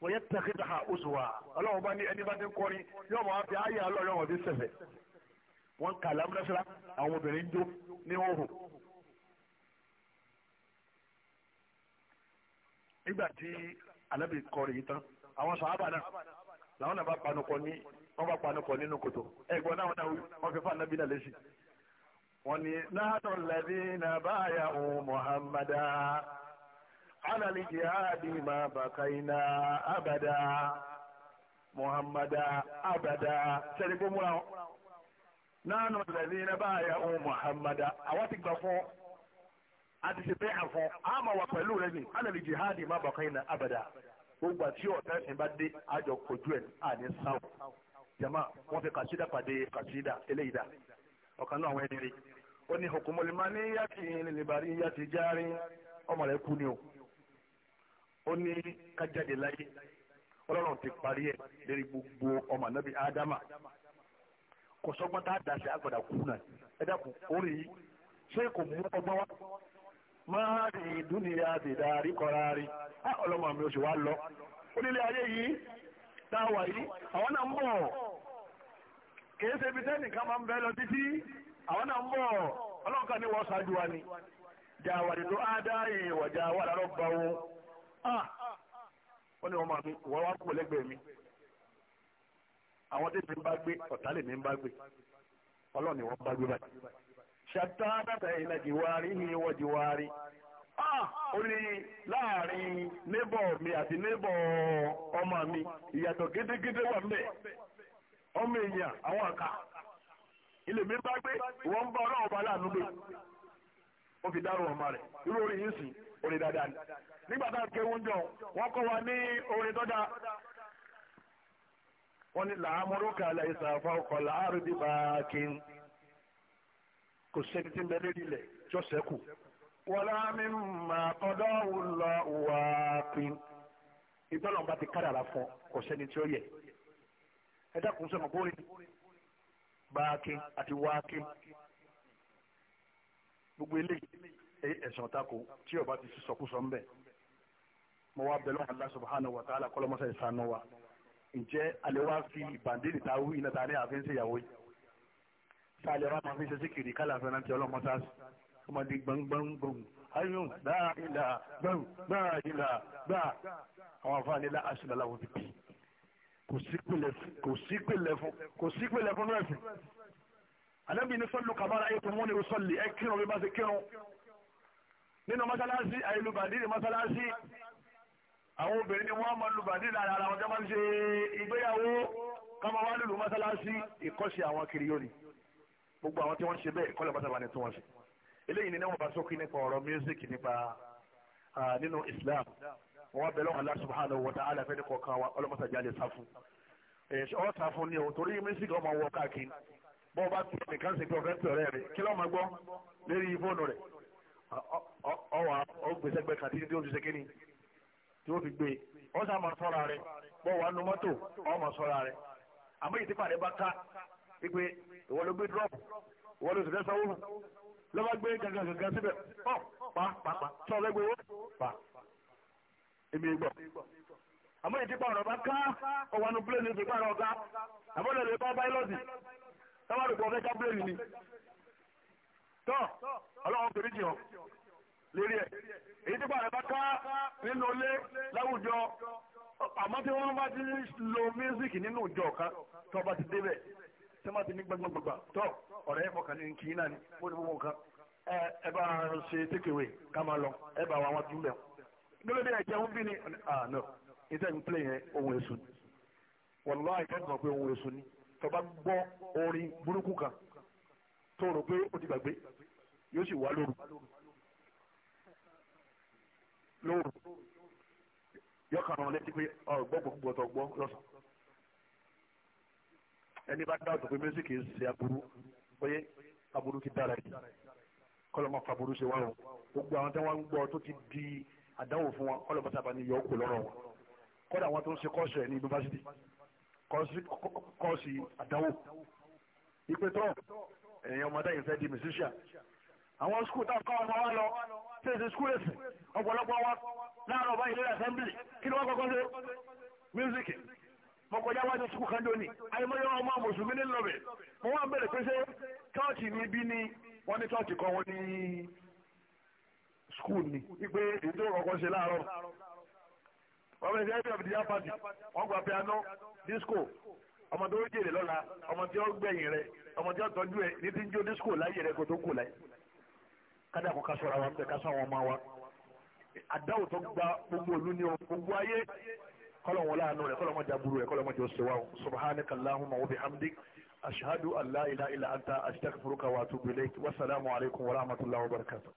Speaker 1: wọ́n yẹ tẹ̀kítà ha oṣù wa ọlọ́run bá ní ẹni bá ti ń kọrin yóò máa fi ayé ọlọ́run ọ̀dí sẹ̀fẹ̀ wọ́n kà lámúnáṣẹ́lá àwọn obìnrin ń jó ní òhùn. nígbà tí Anabi kọrin yìí tán àwọn sàhábà abana làwọn náà bá panupọ̀ ní wọ́n bá panupọ̀ nínú kòtò ẹ̀gbọ́n náà wọ́n fi fún na náà lẹ́sìn wọ́n ní náà lẹ́bí náà báyà òun Muhammada alali jihadi ma bakaina abada Muhammada abada sẹ́ni gbogbo náà náà lẹ́bí na báyà òun Muhammada àwọn ti gbà fún àti ṣe bẹ́ẹ̀ àfọ àmọ́ pẹ̀lú rẹ ni alẹ́lẹ́ jihadi má bọ̀ kẹ́yìn náà abada gbogbo àti ọ̀tá ẹ̀sìn dé àjọ kojú ẹ̀ àní sáwọ̀ jama wọn fi kàṣídà pàdé kàṣídà eléyìí dà ọ̀kan náà àwọn ẹni ó ní ní yàtì nìbàrí yàtì járí ọmọ rẹ kú ni o ó ní kájáde láyé ọlọ́run ti parí ẹ̀ gbogbo ọmọ anábì ádámà kò tá a dà sí àgbàdà kú náà ẹ máa ìdúnìyà àtìdárí kọra ah, ọlọ́mọ mi oṣù wa lọ onílé ayé yìí táwà yìí àwọn náà ń bọ̀ kìí ṣe ibi tẹ́nìkan máa ń bẹ́ lọ títí àwọn náà ń bọ̀ ọlọ́kan ní wọ́n ṣáájú wa ni jàwàdì tó ádáyè wọ̀jà wà lárọ́ bá wọn ah, ó ní ṣàtàdà bẹ̀yìn jìwárí ni wọ́n jìwárí. ó ní láàrin nébọ̀ mi àti nébọ̀ ọmọ mi ìyàtọ̀ gédégédé wà mẹ́ ọmọ èèyàn àwọn àká ilé mi bá gbé wọ́n ń bá ọlọ́run bá láàánú gbé ó fi dárò ọmọ rẹ̀ irú orin yìí sìn orin dáadáa ni nígbà tá a ké oúnjẹ wọn kọ́ wa ní orin tó wọ́n ní làámúrúkà láìsàfọ́ kọ̀ láàrú dìbà kí kò sẹ́ni tí ń bẹ lérí ilẹ̀ tí ó sẹ́kù. wọlá mi máa kọ́dọ̀ lọ wà pín ìgbọ́lọ̀ bá ti kádàrà fún kò sẹ́ni tí ó yẹ. ẹ dákun sọ ma bóyá báàkín àti wáàkín gbogbo eléyìí ẹ̀sán tako tí ọba ti sọkúsọ ń bẹ̀ mo wá bẹ̀rẹ̀ Allah subhanahu wa ta'ala kọ́lọ́mọ́sá ìsànú wa ǹjẹ́ alẹ́ wá fi bàndínlẹ̀ tá a wí iná tá a ní àfihàn sí ìyàwó yìí tá a lè rán ọmọ fi ṣe síkìrì kálá fẹ́ rántí ọlọ́mọ sáàsì ọmọdé gbọ̀ngbọ̀ngbọ̀n ayún dáa ìlà gbọ̀n gbọ̀n ìlà gbà àwọn afáàní ilá aṣọ làwọn fi bì kò sí pèlè fún kò sí pèlè fún rẹ̀ fún. ànábì ní sọ́lù kàmára ayé tó mú ni sọ́lì ẹ kírun bí bá ti kírun nínú mọ́sálásí àìlùbàdì ní mọ́sálásí àwọn obìnrin ni wọ́n máa lùbàdì lára ara wọn tó máa ń ṣe ìgbéyàwó ká máa wá lùlù mọ́sálásí ìkọ́sí àwọn kiri yóò ní. gbogbo àwọn tí wọ́n ṣe bẹ́ẹ̀ kọ́lẹ̀ bàtà bá tí wọ́n ṣe eléyìí ni wọ́n bá sókè nípa ọ̀rọ̀ music nípa nínú Islam wọ́n bẹ̀ lọ́wọ́ Allah subhanahu wa ta'ala fẹ́ẹ́ kọ̀ọ̀kan wa ọlọ́mọsàjà lè fun fún ni o torí music ọmọ wọ káàkiri bọ́ọ̀ bá tún nìkan ṣe pé ọ̀fẹ́ tẹ̀ ọ̀rẹ́ kí lọ́ọ́ máa gbọ́ lérí fóònù rẹ̀ ọwà ọgbẹ́sẹ̀gbẹ́ kàtí tí ó ti tí ó fi gbé sá máa sọ́ra rẹ bọ́ọ̀ nu mọ́tò ọ máa sọ́ra rẹ àmọ́ ìtìpàdé bá ká ìwọ ló gbé drop ìwọ ló sì fẹ́ sanwó ló bá gbé gàgà gàgà síbẹ̀ pọ̀ pa pa pa tí wọ́n fẹ́ gbé owó pa èmi gbọ́. àmọ́ ìtìpá ọ̀rọ̀ bá ká ọ̀wánú plane ní ìtìpá ọ̀rọ̀ ọ̀gá
Speaker 3: àmọ́ lè lè bá báyọ́lọ́dì táwọn àdùkù ọ̀fẹ́ ká plane ni.
Speaker 1: tọ́ ọlọ́run kò ní jì ọ́
Speaker 3: lérí ẹ̀ èyí tí bàrẹ̀ bá
Speaker 1: ká nínú ilé láwùjọ àmọ́ tí wọ́n bá ti lo music nínú ìjọ kan tó bá ti débẹ̀ tẹ́lá ti ní gbàgbàgbà tọ́ ọ̀rẹ́ yẹn fọkàn ní kì í náà ni mo ní gbogbo nǹkan ẹ bá ṣe tékèwé ká máa lọ ẹ bá wa wọn tún bẹ̀. gbẹ́lẹ́dẹ́ ẹ̀jẹ̀ ń bí ni ah no iṣẹ́ ń pèlè yẹn ohun èso ni wàlúwà ìkẹ́kọ̀ọ́ pé ohun èso ni tọba gbọ́ orin burúkú kan tó rò pé ó ti gbàgbé yóò sì wá lóru lóru yọkàn àwọn létí pé ọ gbọ́ gbogbo ọ̀tọ̀ gbọ́ lọ́sàn-án ẹni bá dáwọ́ tó pé music kì í ṣe aburú oyé aburú ti dára yìí kọlọmọ faburú ṣe wá o gbogbo àwọn tí wọ́n ń gbọ́ tó ti di àdánwò fún wọn kọlọmọ sábà ní yọkù lọ́rọ̀ wọn kódà àwọn tó ń ṣe kọ́ọ̀sì ẹ̀ ní yunifásitì kọ́ọ̀sì àdánwò ìpè tọ́ ẹ̀yìn ọmọdé yìí fẹ́ di musician àwọn skul tá a kọ́ ọmọ wa lọ tí èsì skul èsì ọ̀pọ̀lọpọ̀ wa láàárọ̀ báyìí lórí assembly kí ni wọ́n kọ́kọ́ ṣe music mo kọjá wájú sukù kan dóni àyèmọye ọmọ mùsùlùmí ní lọbẹ mo wá ń bèrè pé ṣé chọọchì ni bí ni wọn ní chọọchì kan wọn ní sukù ni wípé èyí tó kọ́kọ́ ṣe láàárọ̀ wọn bẹ ṣe ẹbí ọbìdí apáti wọn gba piano disco ọmọ tó jèrè lọ́la ọmọ tí ó gbẹ̀yìn rẹ ọmọ tí ó tọ́jú ẹ ní ti ń jó disco láyé rẹ kó tó kù láyé kádà kó ká sọ̀rọ̀ àwọn ọmọ ká àwọn ọmọ wa àdáwò tó gba gbogbo òlu ni o gbogbo ayé kọ́lọ̀ wọn láàánú rẹ̀ kọ́lọ̀ mọ́jà burú rẹ̀ kọ́lọ̀ mọ́jà oṣù wa subhanaka allahumma wa bihamdik ashhadu an la ilaha illa anta astaghfiruka wa atubu ilayk wassalamu alaykum wa rahmatullahi wa barakatuh